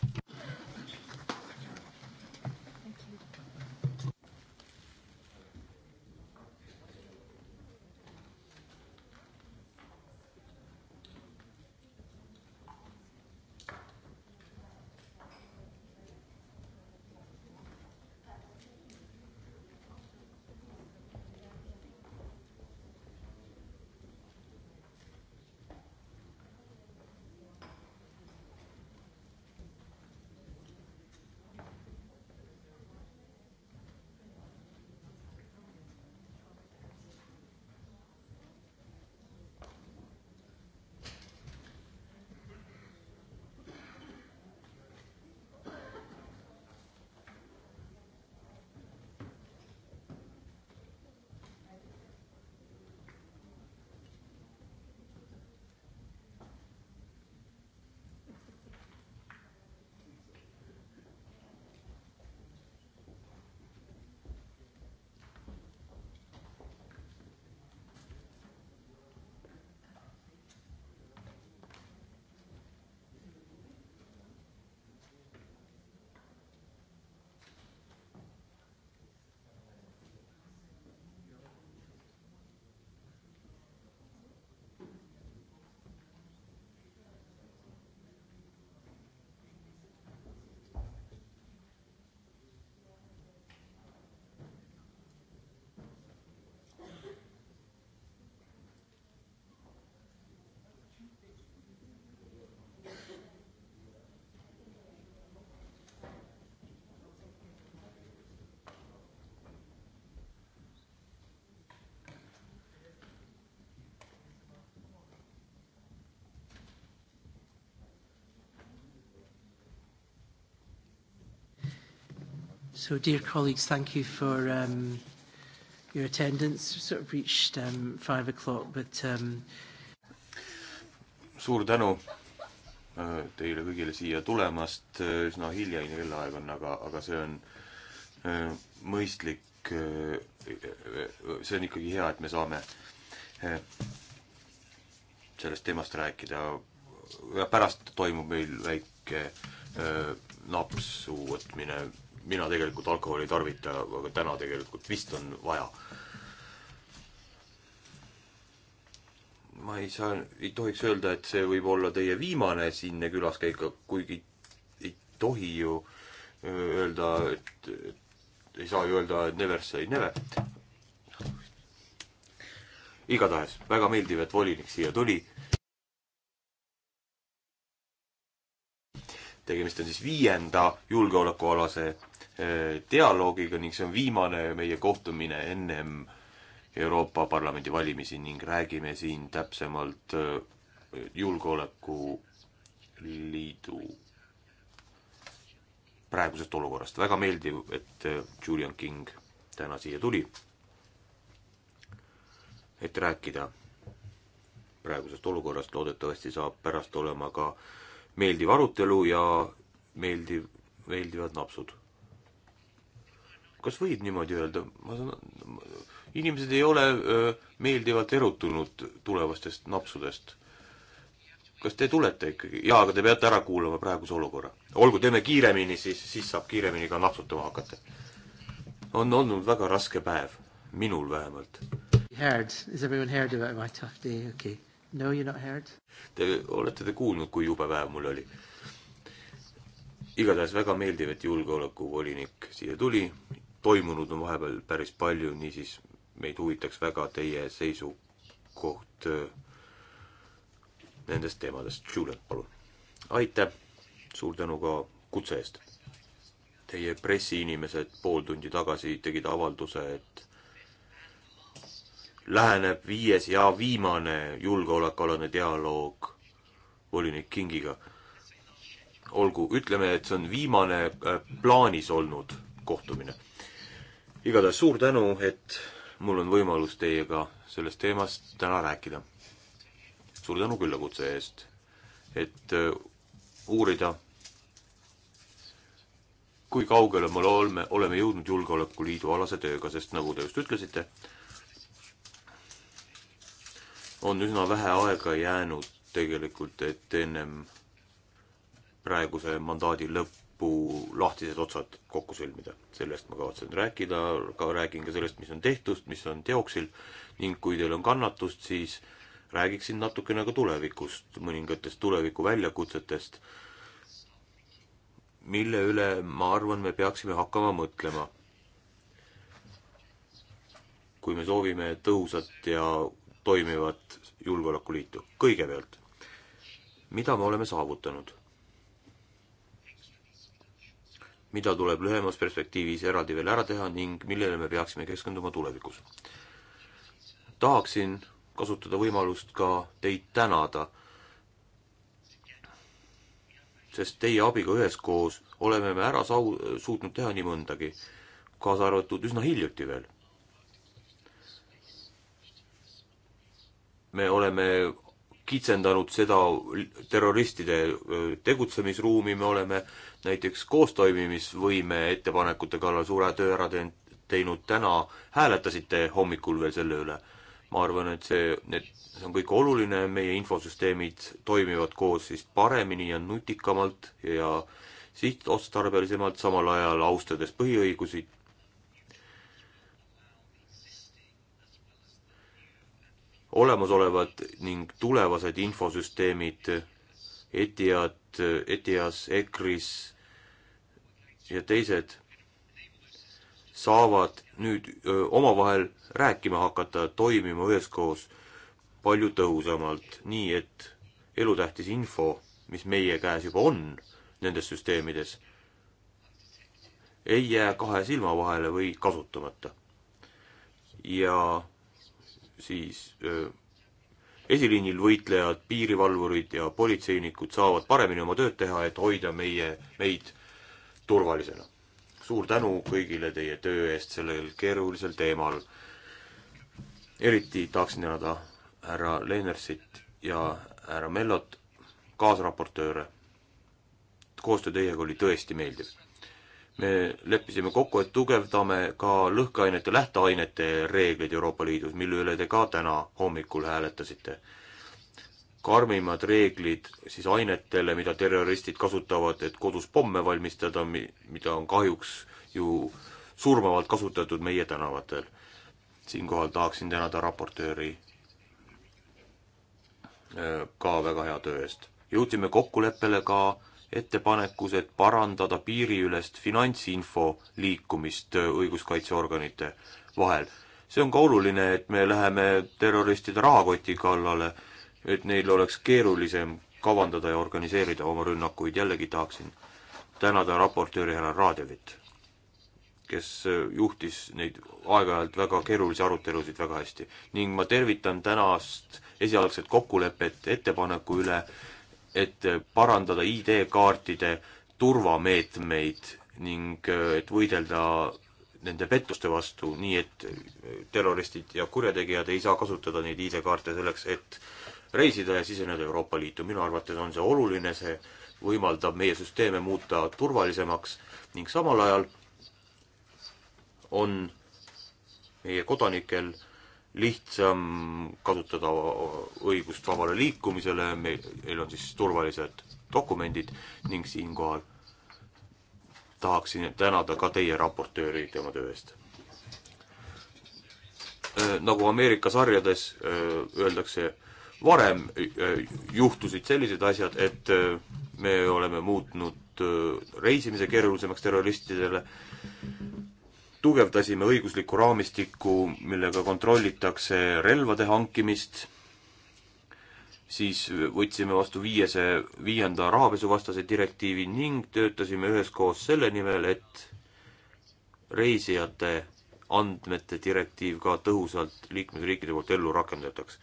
So, dear colleagues, thank you for um, your attendance. We sort of reached um, five o'clock, but um... suur tänu äh, teile kõigile siia tulemast, äh, üsna hiljaine kellaaeg on, aga, aga see on äh, mõistlik, see on ikkagi hea, et me saame sellest teemast rääkida. ja pärast toimub meil väike napsu võtmine mina tegelikult alkoholi ei tarvita, aga täna tegelikult vist on vaja. ma ei saa, ei tohiks öelda, et see võib olla teie viimane siinne külaskäik, kuigi ei tohi ju äh, öelda, et, et ei saa ju öelda, et never say never. igatahes väga meeldiv, et volinik siia tuli tegemist on siis viienda julgeolekualase Äh, dialoogiga ning see on viimane meie kohtumine ennem Euroopa Parlamendi valimisi ning räägime siin täpsemalt äh, julgeolekuliidu praegusest olukorrast. väga meeldiv, et äh, Julian King täna siia tuli, et rääkida praegusest olukorrast, loodetavasti saab pärast olema ka meeldiv arutelu ja meeldiv, meeldivad napsud kas võib niimoodi öelda? ma saan, inimesed ei ole öö, meeldivalt erutunud tulevastest napsudest. kas te tulete ikkagi? jaa, aga te peate ära kuulama praeguse olukorra. olgu, teeme kiiremini, siis, siis saab kiiremini ka napsutama hakata. on olnud väga raske päev, minul vähemalt. Heard, has everyone heard about my tough day, okei okay.. No you not heard? Te olete te kuulnud, kui jube päev mul oli? igatahes väga meeldiv, et julgeolekuvolinik siia tuli toimunud on vahepeal päris palju, niisiis meid huvitaks väga teie seisukoht äh, nendest teemadest. Julian, palun. aitäh, suur tänu ka kutse eest. Teie pressiinimesed pool tundi tagasi tegid avalduse, et läheneb viies ja viimane julgeolekualane dialoog volinik Kingiga. olgu, ütleme, et see on viimane äh, plaanis olnud kohtumine igatahes suur tänu, et mul on võimalus teiega sellest teemast täna rääkida. suur tänu küllakutse eest, et äh, uurida, kui kaugele me oleme, oleme jõudnud Julgeolekuliidu alase tööga, sest nagu te just ütlesite, on üsna vähe aega jäänud tegelikult, et ennem praeguse mandaadi lõppu puu lahtised otsad kokku sõlmida. sellest ma kavatsen rääkida, ka räägin ka sellest, mis on tehtud, mis on teoksil ning kui teil on kannatust, siis räägiksin natukene ka tulevikust, mõningatest tuleviku väljakutsetest, mille üle, ma arvan, me peaksime hakkama mõtlema. kui me soovime tõhusat ja toimivat julgeolekuliitu. kõigepealt, mida me oleme saavutanud? mida tuleb lühemas perspektiivis eraldi veel ära teha ning millele me peaksime keskenduma tulevikus. tahaksin kasutada võimalust ka teid tänada, sest teie abiga üheskoos oleme me ära sau-, suutnud teha nii mõndagi, kaasa arvatud üsna hiljuti veel. me oleme kitsendanud seda terroristide tegutsemisruumi, me oleme näiteks koostoimimisvõime ettepanekute kallal suure töö ära teinud, täna hääletasite hommikul veel selle üle. ma arvan, et see, need, see on kõik oluline, meie infosüsteemid toimivad koos siis paremini ja nutikamalt ja sihtotstarbelisemalt, samal ajal austades põhiõigusi, olemasolevad ning tulevased infosüsteemid Etihad, Etihas, EKRIS ja teised saavad nüüd omavahel rääkima hakata, toimima üheskoos palju tõhusamalt, nii et elutähtis info, mis meie käes juba on nendes süsteemides, ei jää kahe silma vahele või kasutamata. ja siis öö, esiliinil võitlejad, piirivalvurid ja politseinikud saavad paremini oma tööd teha, et hoida meie, meid turvalisena. suur tänu kõigile teie töö eest sellel keerulisel teemal. eriti tahaksin tänada härra Lennersit ja härra Mellot, kaasraportööre. koostöö teiega oli tõesti meeldiv me leppisime kokku, et tugevdame ka lõhkeainete lähteainete reegleid Euroopa Liidus, mille üle te ka täna hommikul hääletasite. karmimad reeglid siis ainetele, mida terroristid kasutavad, et kodus pomme valmistada, mida on kahjuks ju surmavalt kasutatud meie tänavatel. siinkohal tahaksin tänada raportööri äh, ka väga hea töö eest. jõudsime kokkuleppele ka ettepanekus, et parandada piiriülest finantsinfo liikumist õiguskaitseorganite vahel. see on ka oluline, et me läheme terroristide rahakoti kallale, et neil oleks keerulisem kavandada ja organiseerida oma rünnakuid, jällegi tahaksin tänada raportööri härra Raadjevit, kes juhtis neid aeg-ajalt väga keerulisi arutelusid väga hästi ning ma tervitan tänast esialgset kokkulepet ettepaneku üle, et parandada ID-kaartide turvameetmeid ning äh, et võidelda nende pettuste vastu, nii et äh, terroristid ja kurjategijad ei saa kasutada neid ID-kaarte selleks, et reisida ja siseneda Euroopa Liitu. minu arvates on see oluline, see võimaldab meie süsteeme muuta turvalisemaks ning samal ajal on meie kodanikel äh, lihtsam kasutada õigust vabale liikumisele, meil on siis turvalised dokumendid ning siinkohal tahaksin tänada ka teie raportööri tema töö eest. Äh, nagu Ameerika sarjades äh, öeldakse, varem äh, juhtusid sellised asjad, et me oleme muutnud reisimise keerulisemaks terroristidele tugevdasime õiguslikku raamistikku, millega kontrollitakse relvade hankimist, siis võtsime vastu viiese, viienda rahapesuvastase direktiivi ning töötasime üheskoos selle nimel, et reisijate andmete direktiiv ka tõhusalt liikmesriikide poolt ellu rakendataks.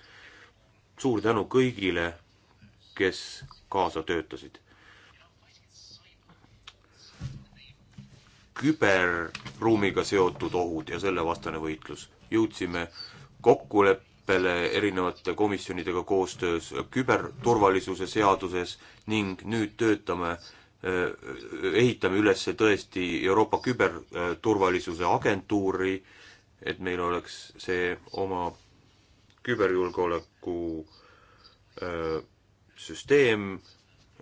suur tänu kõigile, kes kaasa töötasid küberruumiga seotud ohud ja sellevastane võitlus. jõudsime kokkuleppele erinevate komisjonidega koostöös küberturvalisuse seaduses ning nüüd töötame, eh, ehitame üles tõesti Euroopa küberturvalisuse agentuuri, et meil oleks see oma küberjulgeoleku eh, süsteem,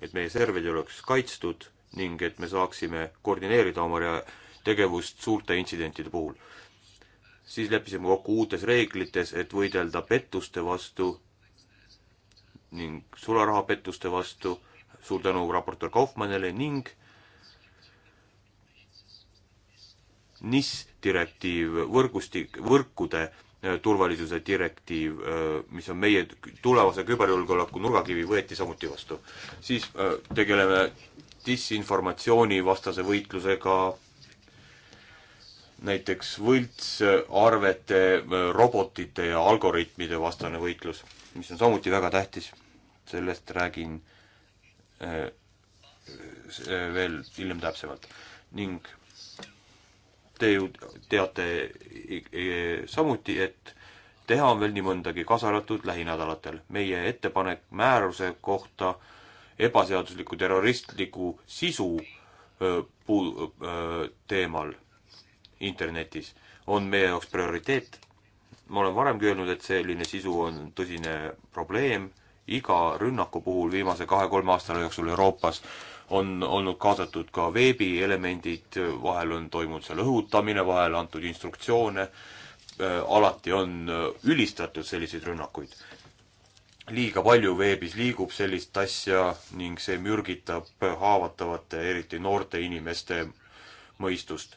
et meie serverid oleks kaitstud ning et me saaksime koordineerida oma tegevust suurte intsidentide puhul. siis leppisime kokku uutes reeglites, et võidelda pettuste vastu ning sularahapettuste vastu, suur tänu raportöör Kaufmannile ning NIS direktiiv, võrgustik, võrkude äh, turvalisuse direktiiv, äh, mis on meie tulevase küberjulgeoleku nurgakivi, võeti samuti vastu. siis äh, tegeleme disinformatsiooni vastase võitlusega, näiteks võltsarvete, robotite ja algoritmide vastane võitlus, mis on samuti väga tähtis. sellest räägin äh, äh, veel hiljem täpsemalt ning te ju teate e, e, samuti, et teha on veel nii mõndagi, kaasa arvatud lähinädalatel. meie ettepanek määruse kohta äh, ebaseadusliku terroristliku sisu puu-, teemal internetis on meie jaoks prioriteet. ma olen varemgi öelnud, et selline sisu on tõsine probleem, iga rünnaku puhul viimase kahe-kolme aasta jooksul Euroopas on olnud kaasatud ka veebielemendid, vahel on toimunud seal õhutamine, vahel antud instruktsioone, alati on ülistatud selliseid rünnakuid liiga palju veebis liigub sellist asja ning see mürgitab haavatavate, eriti noorte inimeste mõistust.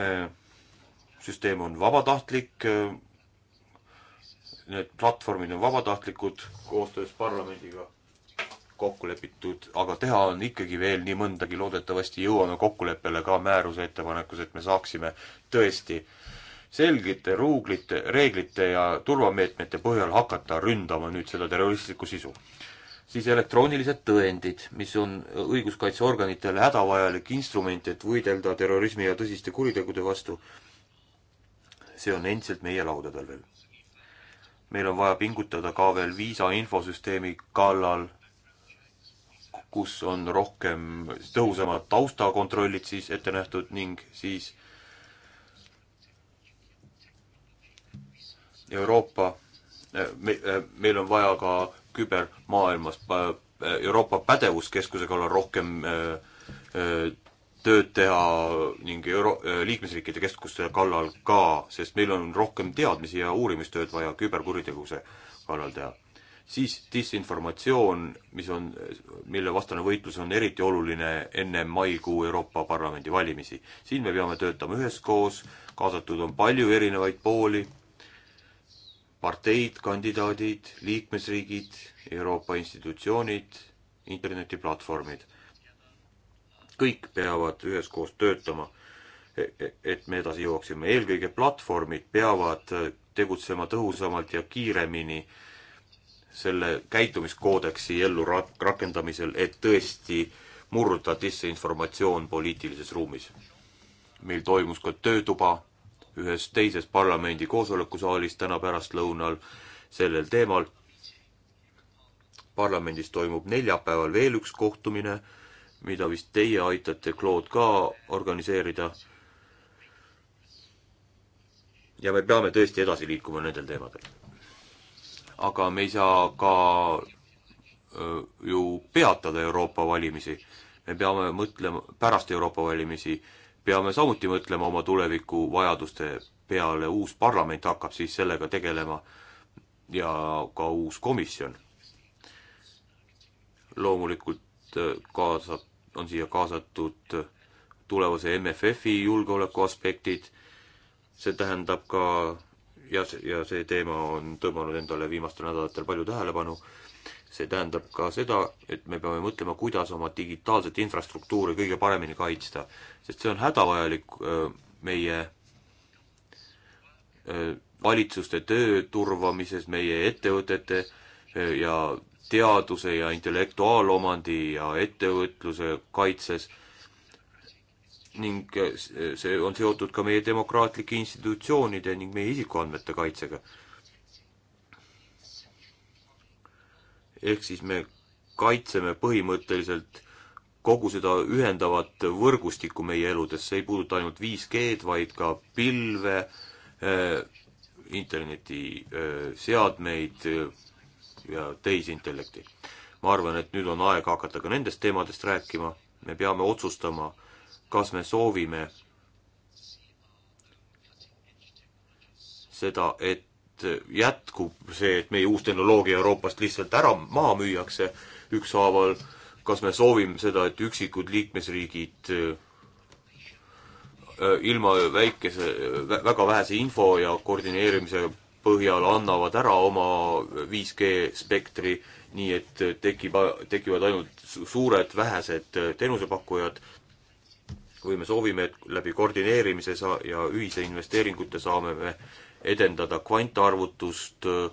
Äh, süsteem on vabatahtlik, äh, need platvormid on vabatahtlikud koostöös parlamendiga kokku lepitud, aga teha on ikkagi veel nii mõndagi, loodetavasti jõuame kokkuleppele ka määruse ettepanekus, et me saaksime tõesti äh, selgete ruuglite, reeglite ja turvameetmete põhjal hakata ründama nüüd seda terroristlikku sisu. siis elektroonilised tõendid, mis on õiguskaitseorganitele hädavajalik instrument, et võidelda terrorismi ja tõsiste kuritegude vastu, see on endiselt meie laudadel veel. meil on vaja pingutada ka veel viisa infosüsteemi kallal, kus on rohkem tõhusamad taustakontrollid siis ette nähtud ning siis Euroopa, eh, eh, meil on vaja ka kübermaailmas eh, Euroopa Pädevuskeskusega olla rohkem tööd teha ning euro-, liikmesriikide keskuste kallal ka, sest meil on rohkem teadmisi ja uurimistööd vaja küberkuritegevuse kallal teha. siis disinformatsioon, mis on, mille vastane võitlus on eriti oluline enne maikuu Euroopa Parlamendi valimisi. siin me peame töötama üheskoos, kaasatud on palju erinevaid pooli parteid, kandidaadid, liikmesriigid, Euroopa institutsioonid, internetiplatvormid. kõik peavad üheskoos töötama, e-, e-, et me edasi jõuaksime. eelkõige platvormid peavad tegutsema tõhusamalt ja kiiremini selle käitumiskoodeksi ellu rak-, rakendamisel, et tõesti murda disinformatsioon poliitilises ruumis. meil toimus ka töötuba ühes teises parlamendi koosolekusaalis täna pärastlõunal sellel teemal. parlamendis toimub neljapäeval veel üks kohtumine, mida vist teie aitate, Claude, ka organiseerida. ja me peame tõesti edasi liikuma nendel teemadel. aga me ei saa ka öö, ju peatada Euroopa valimisi. me peame mõtlema pärast Euroopa valimisi äh, peame samuti mõtlema oma tuleviku vajaduste peale, uus parlament hakkab siis sellega tegelema ja ka uus komisjon. loomulikult äh, kaasa, on siia kaasatud tulevase MFF-i julgeoleku aspektid, see tähendab ka ja see, ja see teema on tõmmanud endale viimastel nädalatel palju tähelepanu see tähendab ka seda, et me peame mõtlema, kuidas oma digitaalset infrastruktuuri kõige paremini kaitsta, sest see on hädavajalik äh, meie äh, valitsuste töö turvamises, meie ettevõtete äh, ja teaduse ja intellektuaalomandi ja ettevõtluse kaitses ning see on seotud ka meie demokraatlike institutsioonide ning meie isikuandmete kaitsega ehk siis me kaitseme põhimõtteliselt kogu seda ühendavat võrgustikku meie eludes, see ei puuduta ainult 5G-d, vaid ka pilve, äh, internetiseadmeid äh, äh, ja tehisintellekti. ma arvan, et nüüd on aeg hakata ka nendest teemadest rääkima, me peame otsustama, kas me soovime seda, et jätkub see, et meie uus tehnoloogia Euroopast lihtsalt ära maha müüakse ükshaaval, kas me soovime seda, et üksikud liikmesriigid äh, ilma väikese, väga vähese info ja koordineerimise põhjal annavad ära oma 5G spektri, nii et tekib, tekivad ainult suured vähesed teenusepakkujad, või me soovime, et läbi koordineerimise sa- ja ühise investeeringute saame me edendada kvantarvutust äh,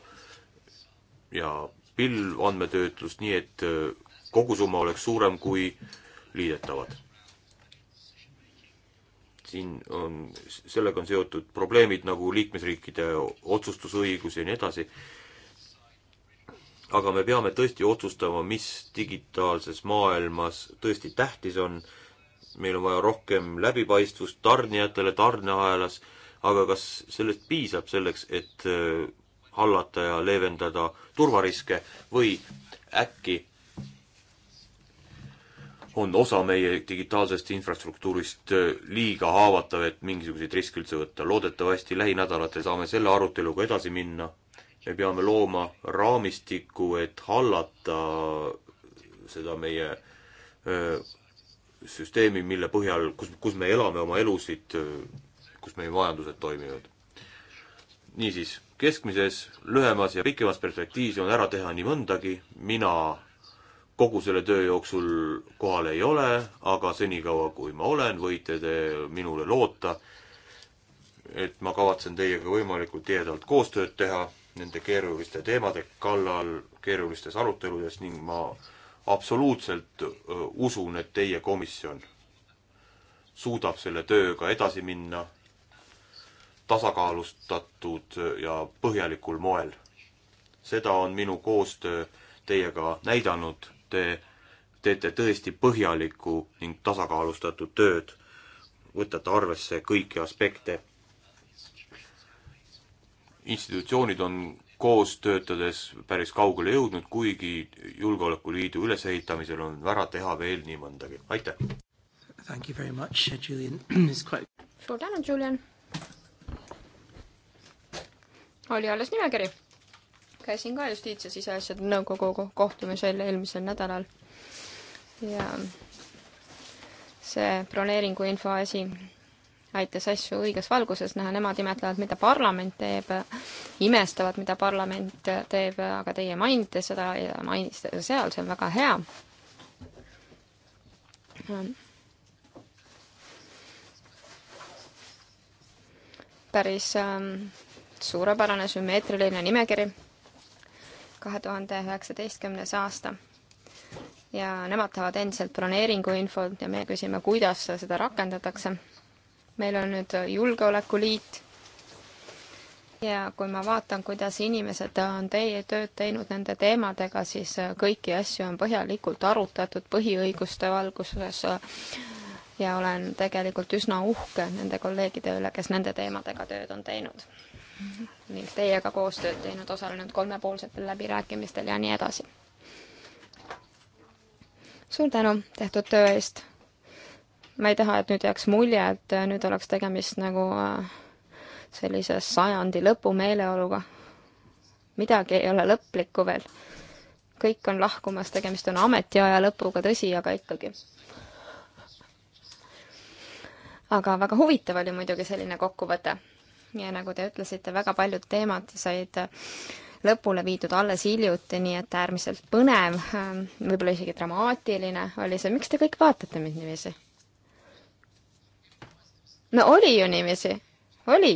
ja pilvandmetöötlust, nii et äh, kogusumma oleks suurem kui liidetavad. siin on, sellega on seotud probleemid nagu liikmesriikide otsustusõigus ja nii edasi, aga me peame tõesti otsustama, mis digitaalses maailmas tõesti tähtis on, meil on vaja rohkem läbipaistvust tarnijatele tarneahelas, aga kas sellest piisab selleks, et äh, hallata ja leevendada turvariske või äkki on osa meie digitaalsest infrastruktuurist äh, liiga haavatav, et mingisuguseid riske üldse võtta. loodetavasti lähinädalatel saame selle aruteluga edasi minna. me peame looma raamistiku, et hallata seda meie öö, äh, süsteemi, mille põhjal, kus, kus me elame oma elusid, kus meie majandused toimivad. niisiis, keskmises, lühemas ja pikemas perspektiivis on ära teha nii mõndagi, mina kogu selle töö jooksul kohal ei ole, aga senikaua, kui ma olen, võite te minule loota, et ma kavatsen teiega võimalikult tihedalt koostööd teha nende keeruliste teemade kallal, keerulistes aruteludes ning ma absoluutselt usun, et teie komisjon suudab selle tööga edasi minna tasakaalustatud ja põhjalikul moel. seda on minu koostöö teiega näidanud, te teete tõesti põhjalikku ning tasakaalustatud tööd, võtate arvesse kõiki aspekte. institutsioonid on koos töötades päris kaugele jõudnud, kuigi Julgeolekuliidu ülesehitamisel on ära teha veel nii mõndagi. aitäh! Thank you very much, Julian. It's quite... Suur tänu, Julian! oli alles nimekiri. käisin ka justiits- ja siseasjade nõukogu kohtumisel eelmisel nädalal ja see broneeringu info asi aitas asju õiges valguses näha, nemad imetlevad, mida parlament teeb, imestavad, mida parlament teeb, aga teie mainite seda ja mainisite seda seal, see on väga hea. päris ähm, suurepärane sümmeetriline nimekiri, kahe tuhande üheksateistkümnes aasta. ja nemad tahavad endiselt broneeringuinfot ja meie küsime, kuidas seda rakendatakse. meil on nüüd Julgeolekuliit ja kui ma vaatan, kuidas inimesed on teie tööd teinud nende teemadega, siis kõiki asju on põhjalikult arutatud põhiõiguste valguses ja olen tegelikult üsna uhke nende kolleegide üle, kes nende teemadega tööd on teinud ning teiega koostööd teinud, osalenud kolmepoolsetel läbirääkimistel ja nii edasi. suur tänu tehtud töö eest. ma ei taha, et nüüd jääks mulje, et äh, nüüd oleks tegemist nagu äh, sellise sajandi lõpu meeleoluga. midagi ei ole lõplikku veel. kõik on lahkumas, tegemist on ametiaja lõpuga, tõsi, aga ikkagi aga väga huvitav oli muidugi selline kokkuvõte ja nagu te ütlesite, väga paljud teemad said lõpule viidud alles hiljuti, nii et äärmiselt põnev, võib-olla isegi dramaatiline oli see. miks te kõik vaatate mind niiviisi? no oli ju niiviisi, oli.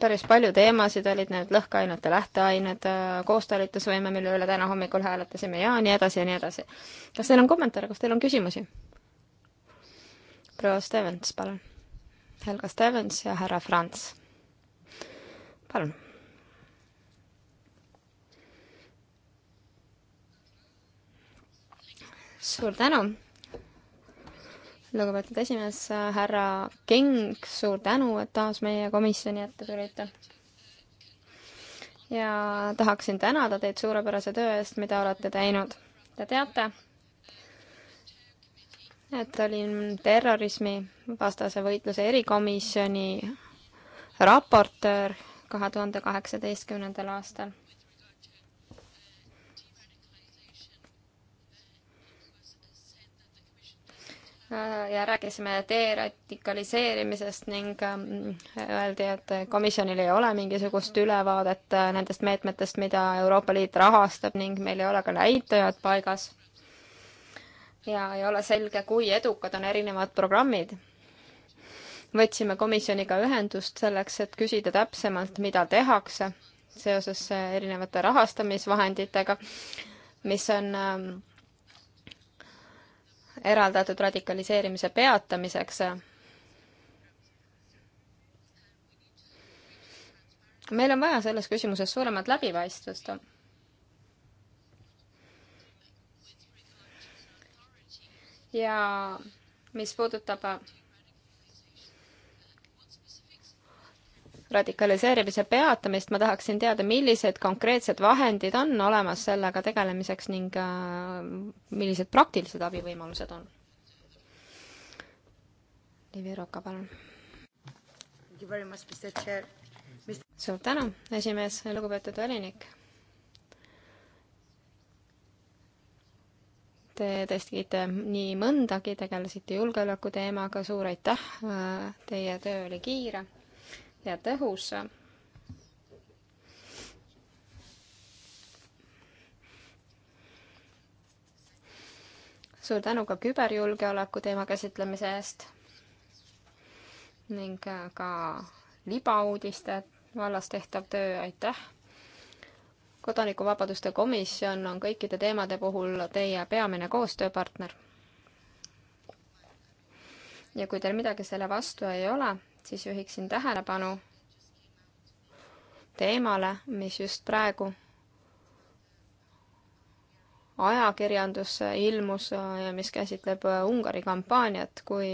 päris palju teemasid olid need lõhkeainete lähteained, koostalitusvõime, mille üle täna hommikul hääletasime ja nii edasi ja nii edasi. kas teil on kommentaare, kas teil on küsimusi? proua Stevens, palun Helga Stevens ja härra Franz. palun. suur tänu, lugupeetud esimees, härra King, suur tänu, et taas meie komisjoni ette tulite ja tahaksin tänada teid suurepärase töö eest, mida olete teinud. Te teate, et olin terrorismivastase võitluse erikomisjoni raportöör kahe tuhande kaheksateistkümnendal aastal. ja rääkisime deradikaliseerimisest ning ähm, öeldi, et komisjonil ei ole mingisugust ülevaadet äh, nendest meetmetest, mida Euroopa Liit rahastab ning meil ei ole ka näitajad paigas ja ei ole selge, kui edukad on erinevad programmid. võtsime komisjoniga ühendust selleks, et küsida täpsemalt, mida tehakse seoses erinevate rahastamisvahenditega, mis on ähm, eraldatud radikaliseerimise peatamiseks. meil on vaja selles küsimuses suuremat läbipaistvust ja mis puudutab äh, radikaliseerimise peatamist, ma tahaksin teada, millised konkreetsed vahendid on olemas sellega tegelemiseks ning äh, millised praktilised abivõimalused on? Liivi Roka, palun. suur tänu, esimees, lugupeetud volinik. Te tõstsite nii mõndagi, tegelesite julgeoleku teemaga, suur aitäh, teie töö oli kiire ja tõhus. suur tänu ka küberjulgeoleku teema käsitlemise eest ning ka libauudiste vallas tehtav töö, aitäh kodanikuvabaduste komisjon on kõikide teemade puhul teie peamine koostööpartner. ja kui teil midagi selle vastu ei ole, siis juhiksin tähelepanu teemale, mis just praegu ajakirjandusse ilmus ja mis käsitleb Ungari kampaaniat, kui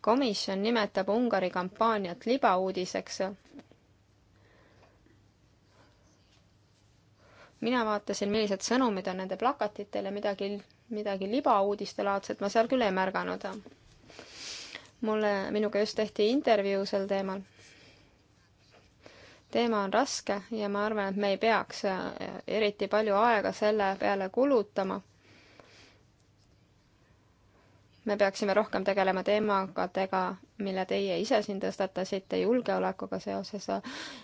komisjon nimetab Ungari kampaaniat libauudiseks, mina vaatasin, millised sõnumid on nende plakatitel ja midagi, midagi libauudistelaadset ma seal küll ei märganud. mulle, minuga just tehti intervjuu sel teemal. teema on raske ja ma arvan, et me ei peaks äh, eriti palju aega selle peale kulutama me peaksime rohkem tegelema teemadega, mille teie ise siin tõstatasite julgeolekuga seoses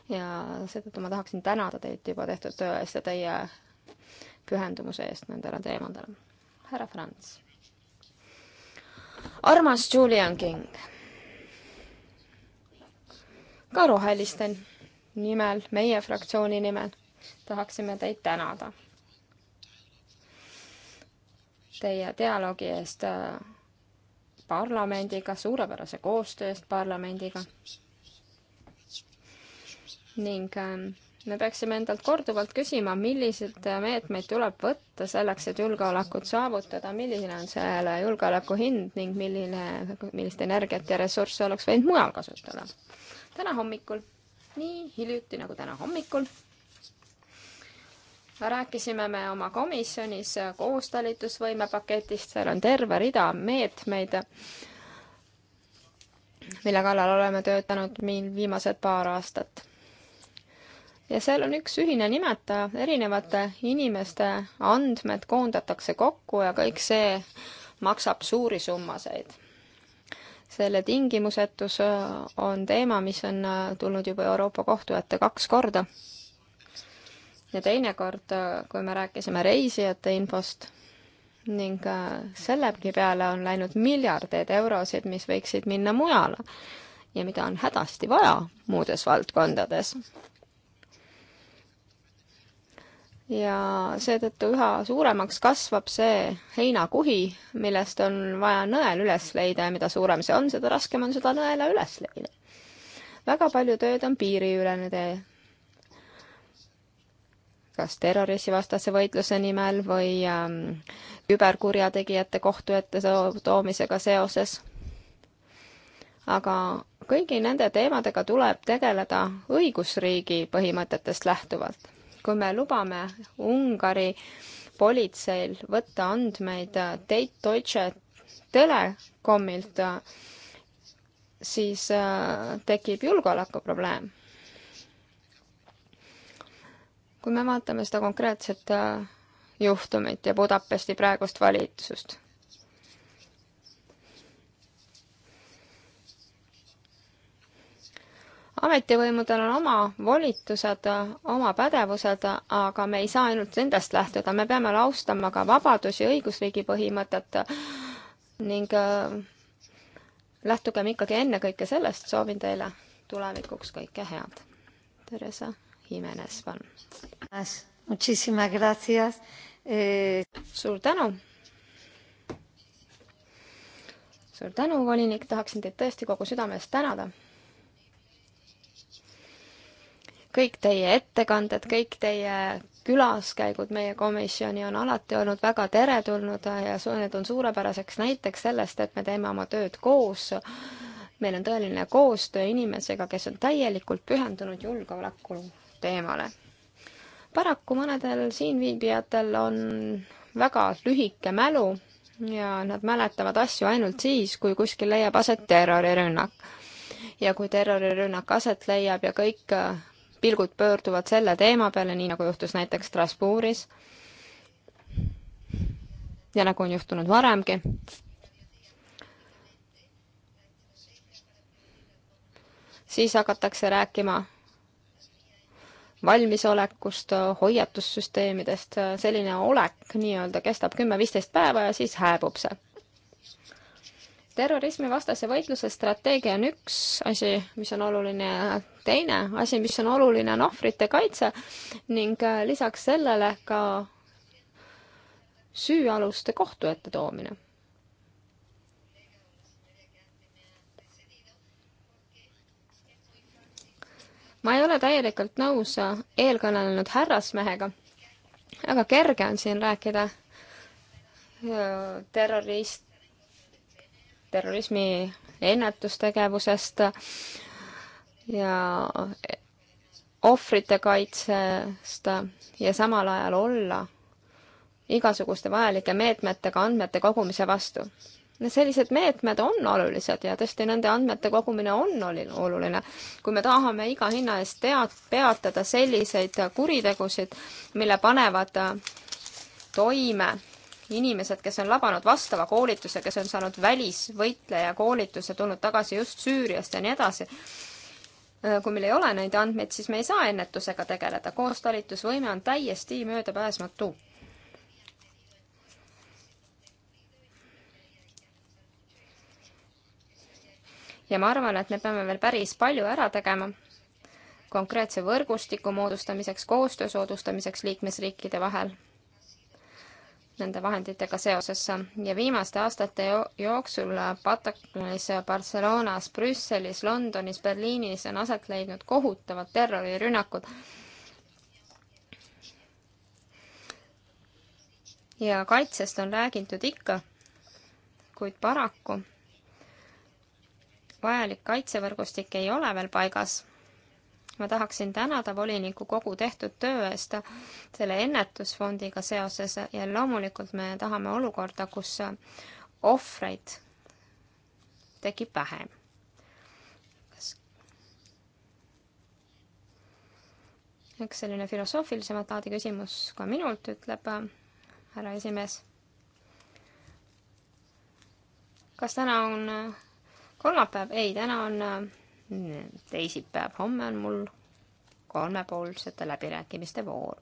ja seetõttu ma tahaksin tänada teid juba tehtud töö eest ja teie pühendumuse eest nendele teemadele. härra Franz. armas Julian King. ka roheliste nimel, meie fraktsiooni nimel tahaksime teid tänada. Teie dialoogi eest äh, parlamendiga, suurepärase koostöö eest parlamendiga. ning ähm, me peaksime endalt korduvalt küsima, milliseid meetmeid tuleb võtta selleks, et julgeolekut saavutada, milline on selle julgeoleku hind ning milline, millist energiat ja ressursse oleks võinud mujal kasutada. täna hommikul, nii hiljuti nagu täna hommikul rääkisime me oma komisjonis koostalitusvõime paketist, seal on terve rida meetmeid, mille kallal oleme töötanud meil viimased paar aastat. ja seal on üks ühine nimetaja, erinevate inimeste andmed koondatakse kokku ja kõik see maksab suuri summasid selle tingimusetus on teema, mis on tulnud juba Euroopa Kohtu ette kaks korda ja teinekord, äh, kui me rääkisime reisijate infost ning äh, sellegi peale on läinud miljardeid eurosid, mis võiksid minna mujale ja mida on hädasti vaja muudes valdkondades. ja seetõttu üha suuremaks kasvab see heinakuhi, millest on vaja nõel üles leida ja mida suurem see on, seda raskem on seda nõela üles leida. väga palju tööd on piiriülene tee kas terrorismivastase võitluse nimel või ähm, küberkurjategijate kohtu ette toomisega seoses. aga kõigi nende teemadega tuleb tegeleda õigusriigi põhimõtetest lähtuvalt. kui me lubame Ungari politseil võtta andmeid Date äh, Deutsche Telekomilt, äh, siis äh, tekib julgeolekuprobleem kui me vaatame seda konkreetset äh, juhtumit ja Budapesti praegust valitsust, ametivõimudel on oma volitused, oma pädevused, aga me ei saa ainult nendest lähtuda, me peame austama ka vabadus- ja õigusriigi põhimõtet ning äh, lähtugem ikkagi ennekõike sellest, soovin teile tulevikuks kõike head. Theresa. Jimenez, palun. Eh, suur tänu. suur tänu, volinik, tahaksin teid tõesti kogu südamest tänada kõik teie ettekanded, kõik teie külaskäigud meie komisjoni on alati olnud väga teretulnud ja need on suurepäraseks näiteks sellest, et me teeme oma tööd koos. meil on tõeline koostöö inimesega, kes on täielikult pühendunud julgeolekule teemale. paraku mõnedel siinviibijatel on väga lühike mälu ja nad mäletavad asju ainult siis, kui kuskil leiab aset terrorirünnak. ja kui terrorirünnak aset leiab ja kõik äh, pilgud pöörduvad selle teema peale, nii nagu juhtus näiteks Strasbourgis ja nagu on juhtunud varemgi, siis hakatakse rääkima valmisolekust, hoiatussüsteemidest, selline olek nii-öelda kestab kümme-viisteist päeva ja siis hääbub see. terrorismivastase võitluse strateegia on üks asi, mis on oluline, teine asi, mis on oluline, on ohvrite kaitse ning äh, lisaks sellele ka süüaluste kohtu ette toomine ma ei ole täielikult nõus eelkõnelenud härrasmehega. väga kerge on siin rääkida terrorist, terrorismi ennetustegevusest ja ohvrite kaitsest ja samal ajal olla igasuguste vajalike meetmetega andmete kogumise vastu sellised meetmed on olulised ja tõesti nende andmete kogumine on oluline. kui me tahame iga hinna eest tead-, peatada selliseid kuritegusid, mille panevad äh, toime inimesed, kes on labanud vastava koolituse, kes on saanud välisvõitleja koolituse, tulnud tagasi just Süüriast ja nii edasi, äh, kui meil ei ole neid andmeid, siis me ei saa ennetusega tegeleda. koostalitusvõime on täiesti möödapääsmatu ja ma arvan, et me peame veel päris palju ära tegema konkreetse võrgustiku moodustamiseks, koostöö soodustamiseks liikmesriikide vahel nende vahenditega seoses ja viimaste aastate jooksul Bataclanis, Barcelonas, Brüsselis, Londonis, Berliinis on aset leidnud kohutavad terrorirünnakud. ja kaitsest on räägitud ikka, kuid paraku vajalik kaitsevõrgustik ei ole veel paigas. ma tahaksin tänada voliniku kogu tehtud töö eest selle ennetusfondiga seoses ja loomulikult me tahame olukorda, kus ohvreid tekib vähem. üks selline filosoofilisema taadi küsimus ka minult, ütleb härra esimees. kas täna on kolmapäev, ei, täna on äh, teisipäev, homme on mul kolmepoolsete läbirääkimiste voor.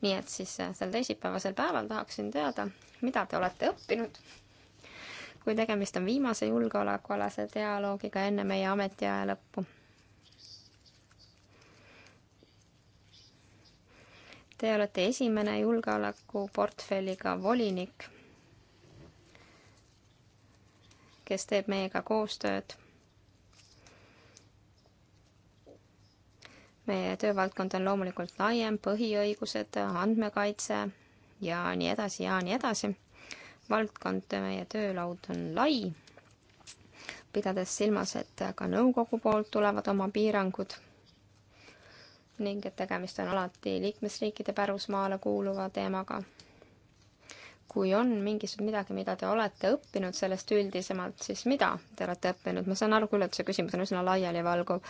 nii et siis äh, sel teisipäevasel päeval tahaksin teada, mida te olete õppinud, kui tegemist on viimase julgeolekualase dialoogiga enne meie ametiaja lõppu. Te olete esimene julgeolekuportfelliga volinik kes teeb meiega koostööd. meie töövaldkond on loomulikult laiem, põhiõigused, andmekaitse ja nii edasi ja nii edasi. valdkond, meie töölaud on lai, pidades silmas, et ka nõukogu poolt tulevad oma piirangud ning et tegemist on alati liikmesriikide pärusmaale kuuluva teemaga kui on mingisugune midagi, mida te olete õppinud sellest üldisemalt, siis mida te olete õppinud? ma saan aru küll, et see küsimus on üsna laialivalguv,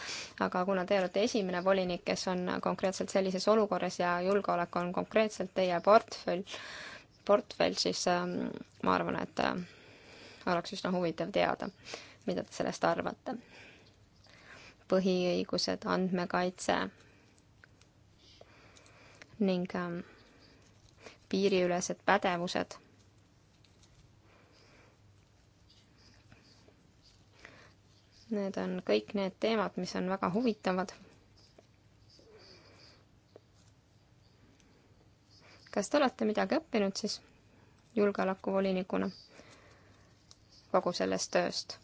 aga kuna te olete esimene volinik, kes on konkreetselt sellises olukorras ja julgeolek on konkreetselt teie portfell, portfell, siis äh, ma arvan, et äh, oleks üsna huvitav teada, mida te sellest arvate. põhiõigused, andmekaitse ning äh, piiriülesed pädevused. Need on kõik need teemad, mis on väga huvitavad. kas te olete midagi õppinud siis julgeolekuvolinikuna kogu sellest tööst?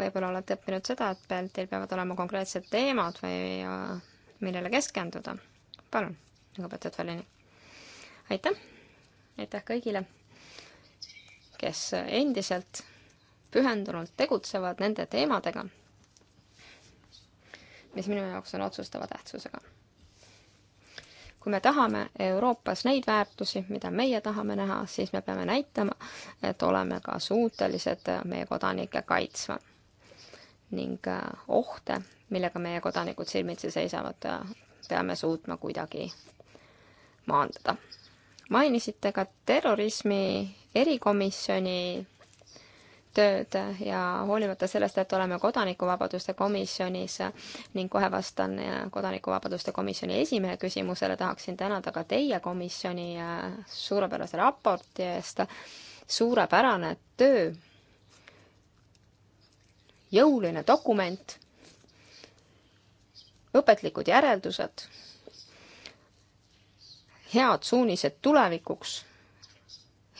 võib-olla olete õppinud seda, et teil peavad olema konkreetsed teemad või millele keskenduda. palun lugupeetud Valeni. aitäh, aitäh kõigile, kes endiselt pühendunult tegutsevad nende teemadega, mis minu jaoks on otsustava tähtsusega. kui me tahame Euroopas neid väärtusi, mida meie tahame näha, siis me peame näitama, et oleme ka suutelised meie kodanikke kaitsma ning äh, ohte, millega meie kodanikud silmitsi seisavad, äh, peame suutma kuidagi maandada. mainisite ka terrorismi erikomisjoni tööd ja hoolimata sellest, et oleme Kodanikuvabaduste komisjonis ning kohe vastan Kodanikuvabaduste komisjoni esimehe küsimusele, tahaksin tänada ka teie komisjoni äh, suurepärase raporti eest. suurepärane töö, jõuline dokument, õpetlikud järeldused head suunised tulevikuks,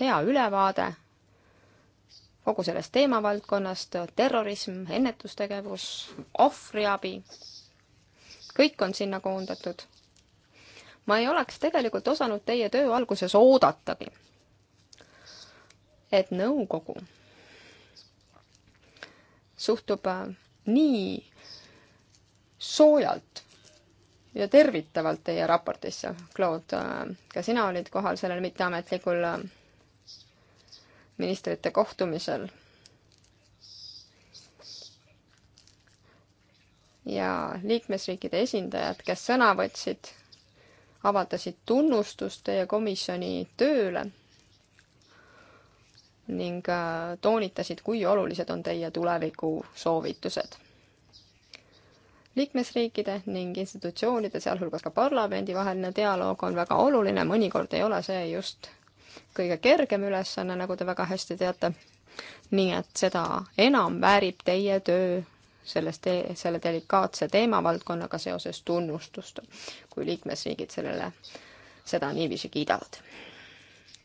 hea ülevaade kogu sellest teemavaldkonnast, terrorism, ennetustegevus, ohvriabi, kõik on sinna koondatud. ma ei oleks tegelikult osanud teie töö alguses oodatagi, et nõukogu suhtub äh, nii soojalt ja tervitavalt teie raportisse, Claude. Äh, ka sina olid kohal sellel mitteametlikul äh, ministrite kohtumisel. ja liikmesriikide esindajad, kes sõna võtsid, avaldasid tunnustust teie komisjoni tööle ning äh, toonitasid, kui olulised on teie tuleviku soovitused liikmesriikide ning institutsioonide, sealhulgas ka parlamendi vaheline dialoog on väga oluline, mõnikord ei ole see just kõige kergem ülesanne, nagu te väga hästi teate. nii et seda enam väärib teie töö selles te-, selle delikaatse teemavaldkonnaga seoses tunnustust, kui liikmesriigid sellele, seda niiviisi kiidavad.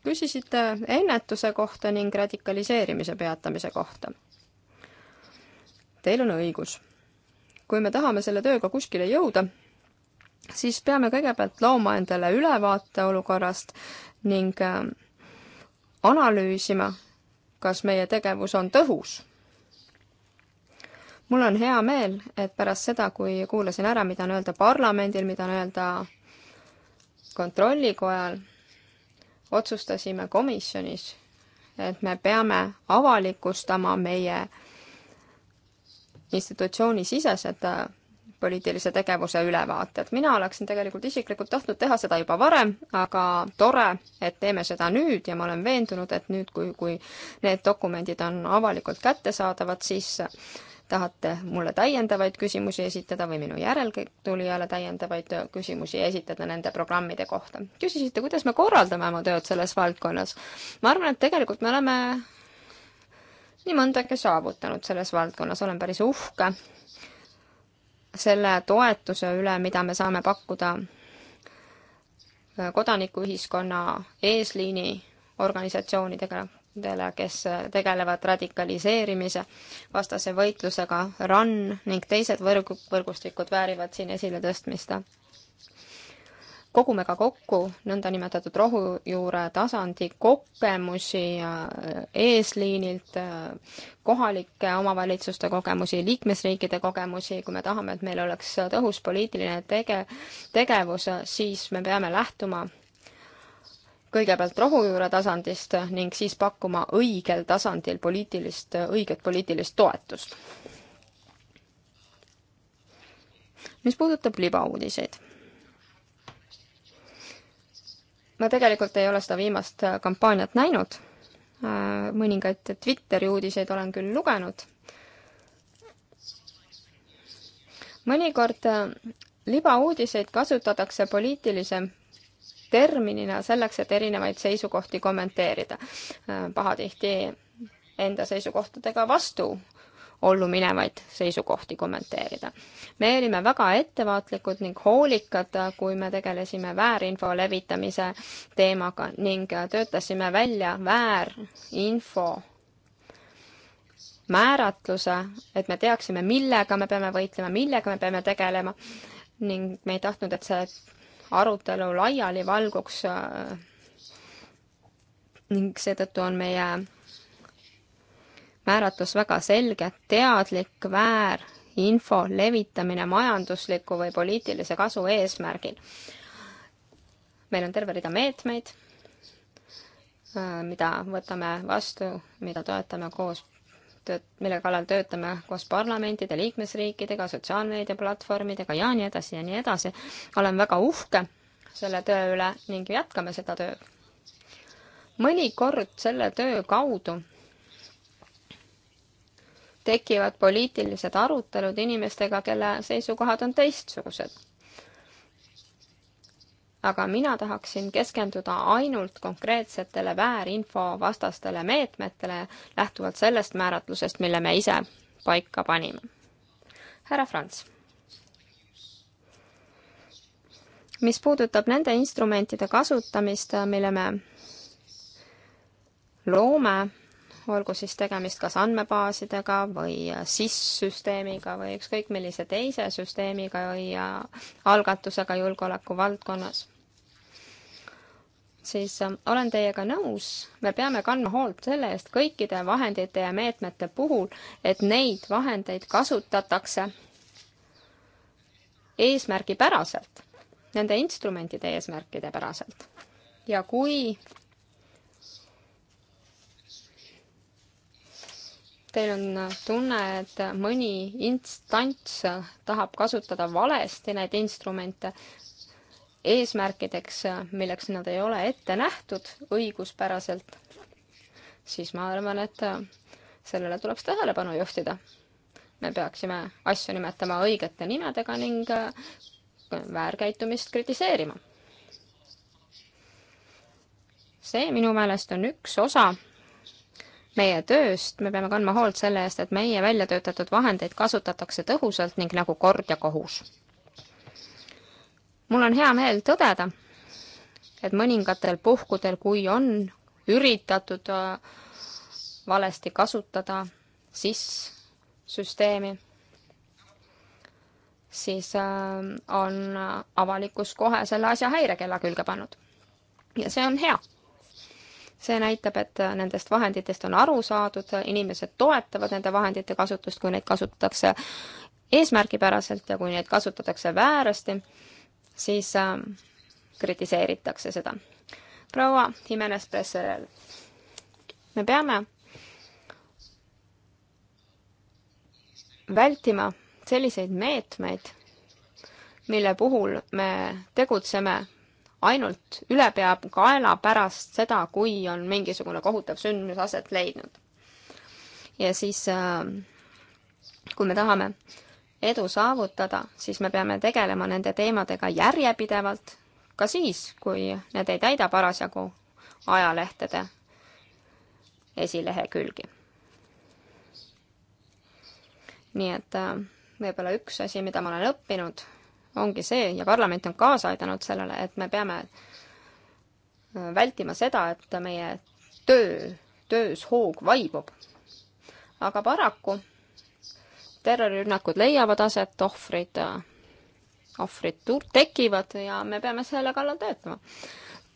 küsisite ennetuse kohta ning radikaliseerimise peatamise kohta. Teil on õigus kui me tahame selle tööga kuskile jõuda, siis peame kõigepealt looma endale ülevaate olukorrast ning äh, analüüsima, kas meie tegevus on tõhus. mul on hea meel, et pärast seda, kui kuulasin ära, mida on öelda parlamendil, mida on öelda kontrollikojal, otsustasime komisjonis, et me peame avalikustama meie äh, institutsioonisisesed äh, poliitilise tegevuse ülevaated. mina oleksin tegelikult isiklikult tahtnud teha seda juba varem, aga tore, et teeme seda nüüd ja ma olen veendunud, et nüüd, kui, kui need dokumendid on avalikult kättesaadavad, siis tahate mulle täiendavaid küsimusi esitada või minu järeltulijale täiendavaid küsimusi esitada nende programmide kohta. küsisite, kuidas me korraldame oma tööd selles valdkonnas. ma arvan, et tegelikult me oleme nii mõndagi saavutanud selles valdkonnas, olen päris uhke selle toetuse üle, mida me saame pakkuda äh, kodanikuühiskonna eesliini organisatsioonidega, kes äh, tegelevad radikaliseerimise vastase võitlusega, RAN ning teised võrgu, võrgustikud väärivad siin esiletõstmist kogume ka kokku nõndanimetatud rohujuure tasandi kogemusi äh, eesliinilt, äh, kohalike omavalitsuste kogemusi, liikmesriikide kogemusi, kui me tahame, et meil oleks tõhus poliitiline tege-, tegevus, siis me peame lähtuma kõigepealt rohujuure tasandist ning siis pakkuma õigel tasandil poliitilist, õiget poliitilist toetust. mis puudutab libauudiseid ma tegelikult ei ole seda viimast äh, kampaaniat näinud, äh, mõningaid Twitteri uudiseid olen küll lugenud. mõnikord äh, libauudiseid kasutatakse poliitilise terminina selleks, et erinevaid seisukohti kommenteerida. pahatihti enda seisukohtadega vastu ollu minevaid seisukohti kommenteerida. me olime väga ettevaatlikud ning hoolikad, kui me tegelesime väärinfo levitamise teemaga ning töötasime välja väärinfo määratluse, et me teaksime, millega me peame võitlema, millega me peame tegelema ning me ei tahtnud, et see arutelu laiali valguks äh, ning seetõttu on meie määratlus väga selge, teadlik väärinfo levitamine majandusliku või poliitilise kasu eesmärgil. meil on terve rida meetmeid, äh, mida võtame vastu, mida toetame koos tööt-, mille kallal töötame koos parlamentide, liikmesriikidega, sotsiaalmeediaplatvormidega ja nii edasi ja nii edasi. olen väga uhke selle töö üle ning jätkame seda tööd. mõnikord selle töö kaudu tekivad poliitilised arutelud inimestega, kelle seisukohad on teistsugused. aga mina tahaksin keskenduda ainult konkreetsetele väärinfo vastastele meetmetele, lähtuvalt sellest määratlusest, mille me ise paika panime. härra Franz. mis puudutab nende instrumentide kasutamist, mille me loome olgu siis tegemist kas andmebaasidega või SIS-süsteemiga või ükskõik millise teise süsteemiga või algatusega julgeoleku valdkonnas, siis ähm, olen teiega nõus, me peame kandma hoolt selle eest kõikide vahendite ja meetmete puhul, et neid vahendeid kasutatakse eesmärgipäraselt, nende instrumentide eesmärkide päraselt. ja kui teil on tunne, et mõni instants tahab kasutada valesti neid instrumente eesmärkideks, milleks nad ei ole ette nähtud õiguspäraselt, siis ma arvan, et sellele tuleks tähelepanu juhtida. me peaksime asju nimetama õigete nimedega ning väärkäitumist kritiseerima. see minu meelest on üks osa meie tööst, me peame kandma hoolt selle eest, et meie välja töötatud vahendeid kasutatakse tõhusalt ning nagu kord ja kohus. mul on hea meel tõdeda, et mõningatel puhkudel, kui on üritatud äh, valesti kasutada siis süsteemi, äh, siis on äh, avalikkus kohe selle asja häirekella külge pannud. ja see on hea see näitab, et nendest vahenditest on aru saadud, inimesed toetavad nende vahendite kasutust, kui neid kasutatakse eesmärgipäraselt ja kui neid kasutatakse väärasti, siis äh, kritiseeritakse seda. proua Jimenez Presserel, me peame vältima selliseid meetmeid, mille puhul me tegutseme ainult ülepeakaela pärast seda, kui on mingisugune kohutav sündmus aset leidnud. ja siis, äh, kui me tahame edu saavutada, siis me peame tegelema nende teemadega järjepidevalt, ka siis, kui need ei täida parasjagu ajalehtede esilehekülgi. nii et äh, võib-olla üks asi, mida ma olen õppinud ongi see ja parlament on kaasa aidanud sellele, et me peame äh, vältima seda, et meie töö, töös hoog vaibub. aga paraku terrorirünnakud leiavad aset, ohvrid, äh, ohvrid tekivad ja me peame selle kallal töötama.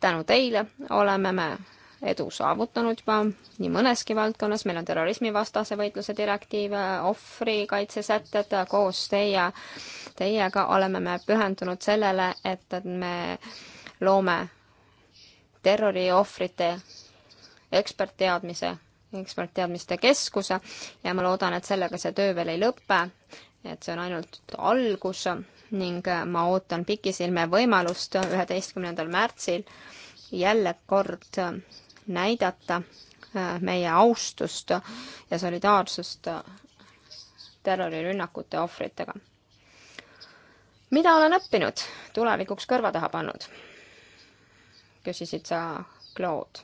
tänu teile oleme me edu saavutanud juba nii mõneski valdkonnas, meil on terrorismivastase võitluse direktiiv, ohvrikaitsesätted, koos teie, teiega oleme me pühendunud sellele, et me loome terroriohvrite ekspertteadmise, ekspertteadmiste keskuse ja ma loodan, et sellega see töö veel ei lõpe, et see on ainult algus ning ma ootan pikisilme võimalust üheteistkümnendal märtsil jälle kord näidata äh, meie austust ja solidaarsust terrorirünnakute ohvritega. mida olen õppinud, tulevikuks kõrva taha pannud? küsisid sa, Claude,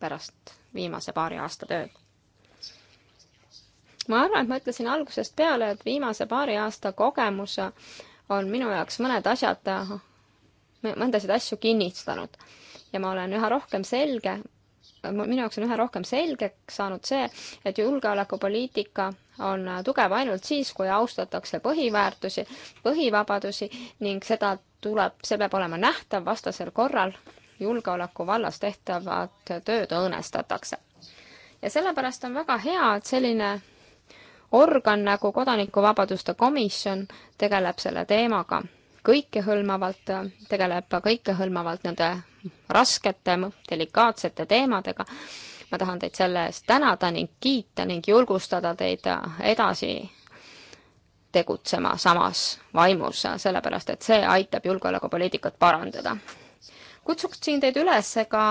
pärast viimase paari aasta tööd. ma arvan, et ma ütlesin algusest peale, et viimase paari aasta kogemus on minu jaoks mõned asjad, mõndasid asju kinnistanud ja ma olen üha rohkem selge, minu jaoks on üha rohkem selgeks saanud see, et julgeolekupoliitika on tugev ainult siis, kui austatakse põhiväärtusi, põhivabadusi ning seda tuleb, see peab olema nähtav, vastasel korral julgeoleku vallas tehtavat tööd õõnestatakse. ja sellepärast on väga hea, et selline organ nagu Kodanikuvabaduste Komisjon tegeleb selle teemaga kõikehõlmavalt, tegeleb kõikehõlmavalt nende raskete, delikaatsete teemadega. ma tahan teid selle eest tänada ning kiita ning julgustada teid edasi tegutsema samas vaimus, sellepärast et see aitab julgeolekupoliitikat parandada. kutsuksin teid üles ka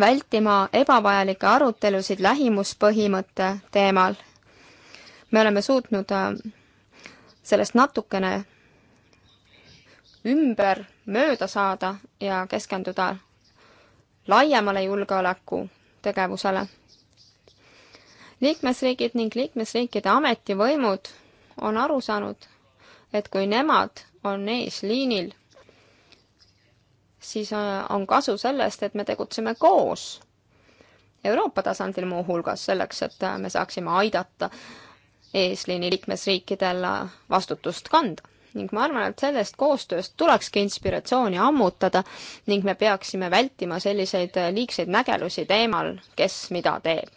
vältima ebavajalikke arutelusid lähimuspõhimõtte teemal. me oleme suutnud äh, sellest natukene ümber mööda saada ja keskenduda laiemale julgeoleku tegevusele. liikmesriigid ning liikmesriikide ametivõimud on aru saanud, et kui nemad on eesliinil, siis äh, on kasu sellest, et me tegutseme koos Euroopa tasandil muuhulgas selleks, et äh, me saaksime aidata eesliini liikmesriikidel äh, vastutust kanda ning ma arvan, et sellest koostööst tulekski inspiratsiooni ammutada ning me peaksime vältima selliseid äh, liigseid nägelusi teemal, kes mida teeb.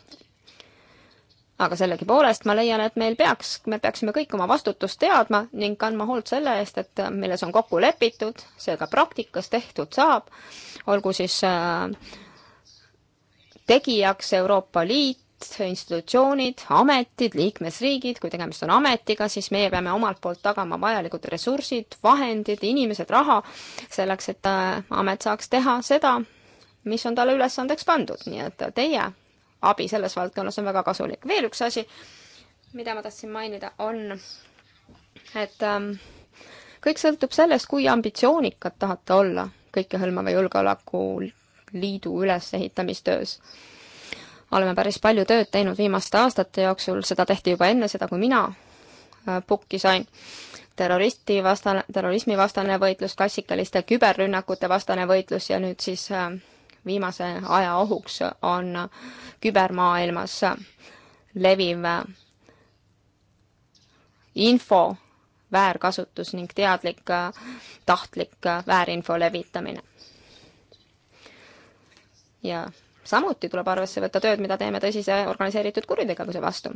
aga sellegipoolest ma leian, et meil peaks, me peaksime kõik oma vastutust teadma ning kandma hoolt selle eest, et äh, milles on kokku lepitud, see ka praktikas tehtud saab, olgu siis äh, tegijaks Euroopa Liit, riigid, institutsioonid, ametid, liikmesriigid, kui tegemist on ametiga, siis meie peame omalt poolt tagama vajalikud ressursid, vahendid, inimesed, raha, selleks et äh, amet saaks teha seda, mis on talle ülesandeks pandud, nii et teie abi selles valdkonnas on väga kasulik. veel üks asi, mida ma tahtsin mainida, on, et ähm, kõik sõltub sellest, kui ambitsioonikad tahate olla kõikehõlmava julgeolekuliidu ülesehitamistöös oleme päris palju tööd teinud viimaste aastate jooksul, seda tehti juba enne seda, kui mina äh, pukki sain. terroristi vastane, terrorismi vastane võitlus, klassikaliste küberrünnakute vastane võitlus ja nüüd siis äh, viimase aja ohuks on kübermaailmas leviv äh, info väärkasutus ning teadlik tahtlik väärinfo levitamine. ja samuti tuleb arvesse võtta tööd, mida teeme tõsise organiseeritud kuritegevuse vastu.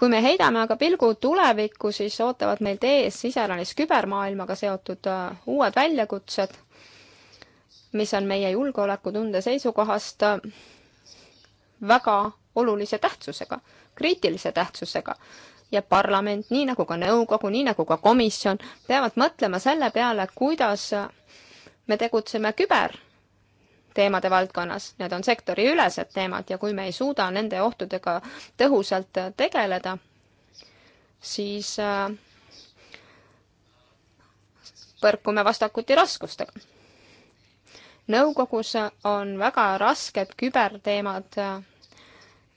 kui me heidame aga pilgu tulevikku, siis ootavad meid ees iseäranis kübermaailmaga seotud äh, uued väljakutsed, mis on meie julgeolekutunde seisukohast äh, väga olulise tähtsusega, kriitilise tähtsusega ja parlament, nii nagu ka nõukogu, nii nagu ka komisjon, peavad mõtlema selle peale, kuidas äh, me tegutseme küber teemade valdkonnas, need on sektoriülesed teemad ja kui me ei suuda nende ohtudega tõhusalt äh, tegeleda, siis äh, põrkume vastakuti raskustega. nõukogus on väga rasked küberteemad, äh,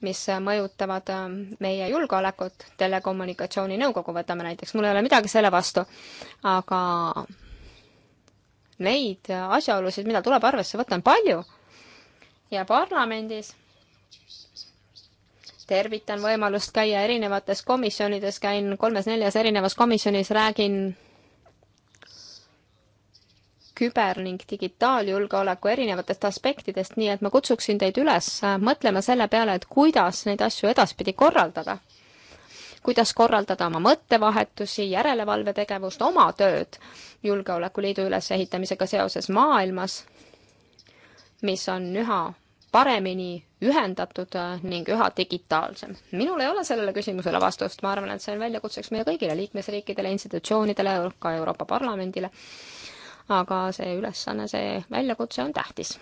mis mõjutavad meie julgeolekut, telekommunikatsiooni nõukogu võtame näiteks, mul ei ole midagi selle vastu, aga Neid asjaolusid, mida tuleb arvesse võtta, on palju. ja parlamendis tervitan võimalust käia erinevates komisjonides, käin kolmes-neljas erinevas komisjonis, räägin küber- ning digitaaljulgeoleku erinevatest aspektidest, nii et ma kutsuksin teid üles mõtlema selle peale, et kuidas neid asju edaspidi korraldada kuidas korraldada oma mõttevahetusi, järelevalvetegevust, oma tööd Julgeolekuliidu ülesehitamisega seoses maailmas, mis on üha paremini ühendatud äh, ning üha digitaalsem. minul ei ole sellele küsimusele vastust, ma arvan, et see on väljakutseks meile kõigile liikmesriikidele, institutsioonidele, ka Euroopa Parlamendile. aga see ülesanne, see väljakutse on tähtis.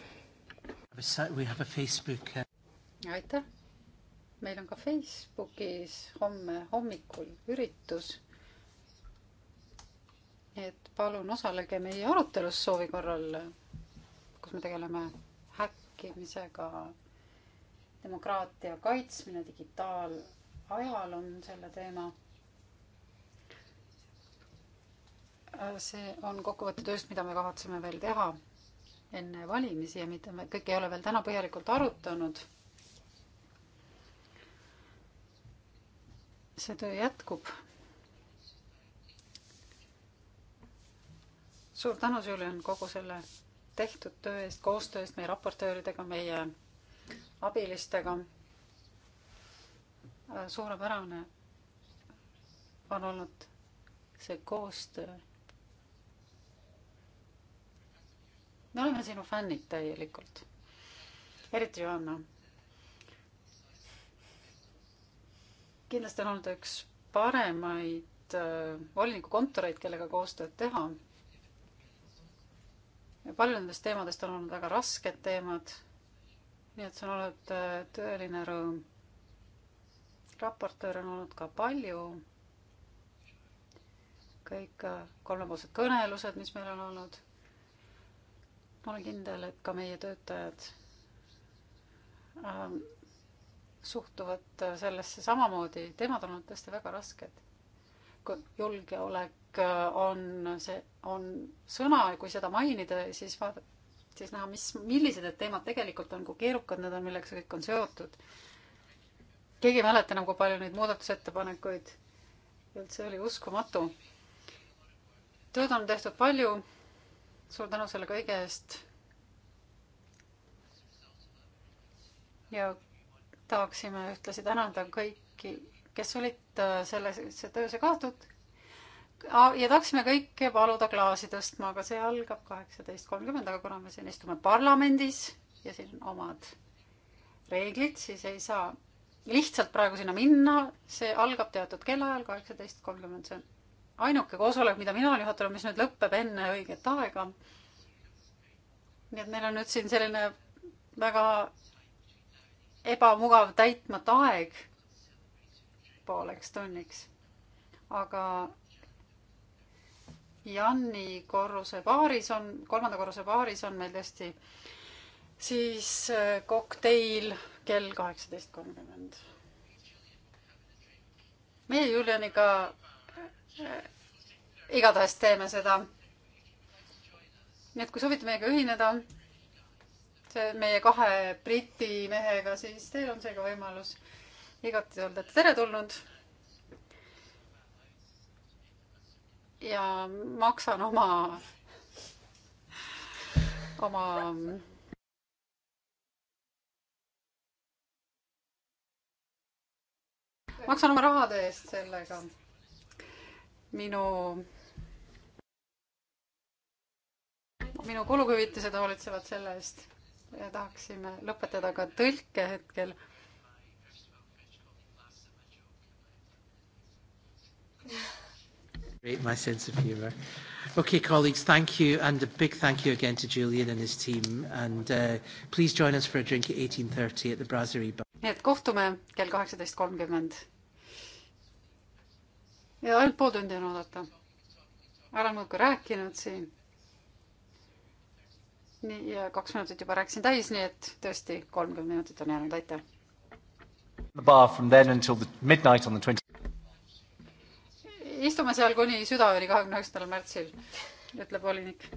Uh aitäh meil on ka Facebookis homme hommikul üritus. et palun osalege meie arutelus soovi korral, kus me tegeleme häkkimisega. demokraatia kaitsmine digitaalajal on selle teema. see on kokkuvõte tööst, mida me kavatseme veel teha enne valimisi ja mida me kõik ei ole veel täna põhjalikult arutanud see töö jätkub. suur tänu, Julian, kogu selle tehtud töö eest, koostöö eest meie raportööridega, meie abilistega. suurepärane on olnud see koostöö. me oleme sinu fännid täielikult. eriti Johanna kindlasti on olnud üks paremaid äh, volinikukontoreid, kellega koostööd teha. paljud nendest teemadest on olnud väga rasked teemad. nii et see on olnud äh, tõeline rõõm. raportööre on olnud ka palju. kõik äh, kolmepoolsed kõnelused, mis meil on olnud. ma olen kindel, et ka meie töötajad suhtuvad äh, sellesse samamoodi, teemad on olnud tõesti väga rasked. julgeolek äh, on see, on sõna ja kui seda mainida, siis vaata, siis näha, mis, millised need teemad tegelikult on, kui keerukad need on, millega see kõik on seotud. keegi ei mäleta enam, kui palju neid muudatusettepanekuid üldse oli, uskumatu. tööd on tehtud palju. suur tänu selle kõige eest. ja tahaksime ühtlasi tänada kõiki, kes olid äh, sellesse töösse kaasatud. ja tahaksime kõiki paluda klaasi tõstma, aga see algab kaheksateist kolmkümmend, aga kuna me siin istume parlamendis ja siin on omad reeglid, siis ei saa lihtsalt praegu sinna minna, see algab teatud kellaajal kaheksateist kolmkümmend, see on ainuke koosolek, mida mina olen juhatanud, mis nüüd lõpeb enne õiget aega. nii et meil on nüüd siin selline väga ebamugav täitmata aeg pooleks tunniks. aga Janni korruse baaris on, kolmanda korruse baaris on meil tõesti siis äh, kokteil kell kaheksateist kolmkümmend. meie Julianiga äh, äh, igatahes teeme seda. nii et kui soovite meiega ühineda meie kahe Briti mehega, siis teil on seega võimalus. igati olete teretulnud. ja maksan oma, oma maksan oma rahade eest sellega. minu, minu kuluhüvitised hoolitsevad selle eest ja tahaksime lõpetada ka tõlke hetkel. Great, my sense of humor. Okay, colleagues, thank you, and a big thank you again to Julian and his team, and uh, please join us for a drink at 18.30 at the Brasserie Bar. nii et kohtume kell kaheksateist kolmkümmend. ja ainult pool tundi on oodata. olen muudkui rääkinud siin nii ja kaks minutit juba rääkisin täis, nii et tõesti kolmkümmend minutit on jäänud, aitäh. istume seal kuni südaööni kahekümne üheksandal märtsil, ütleb volinik.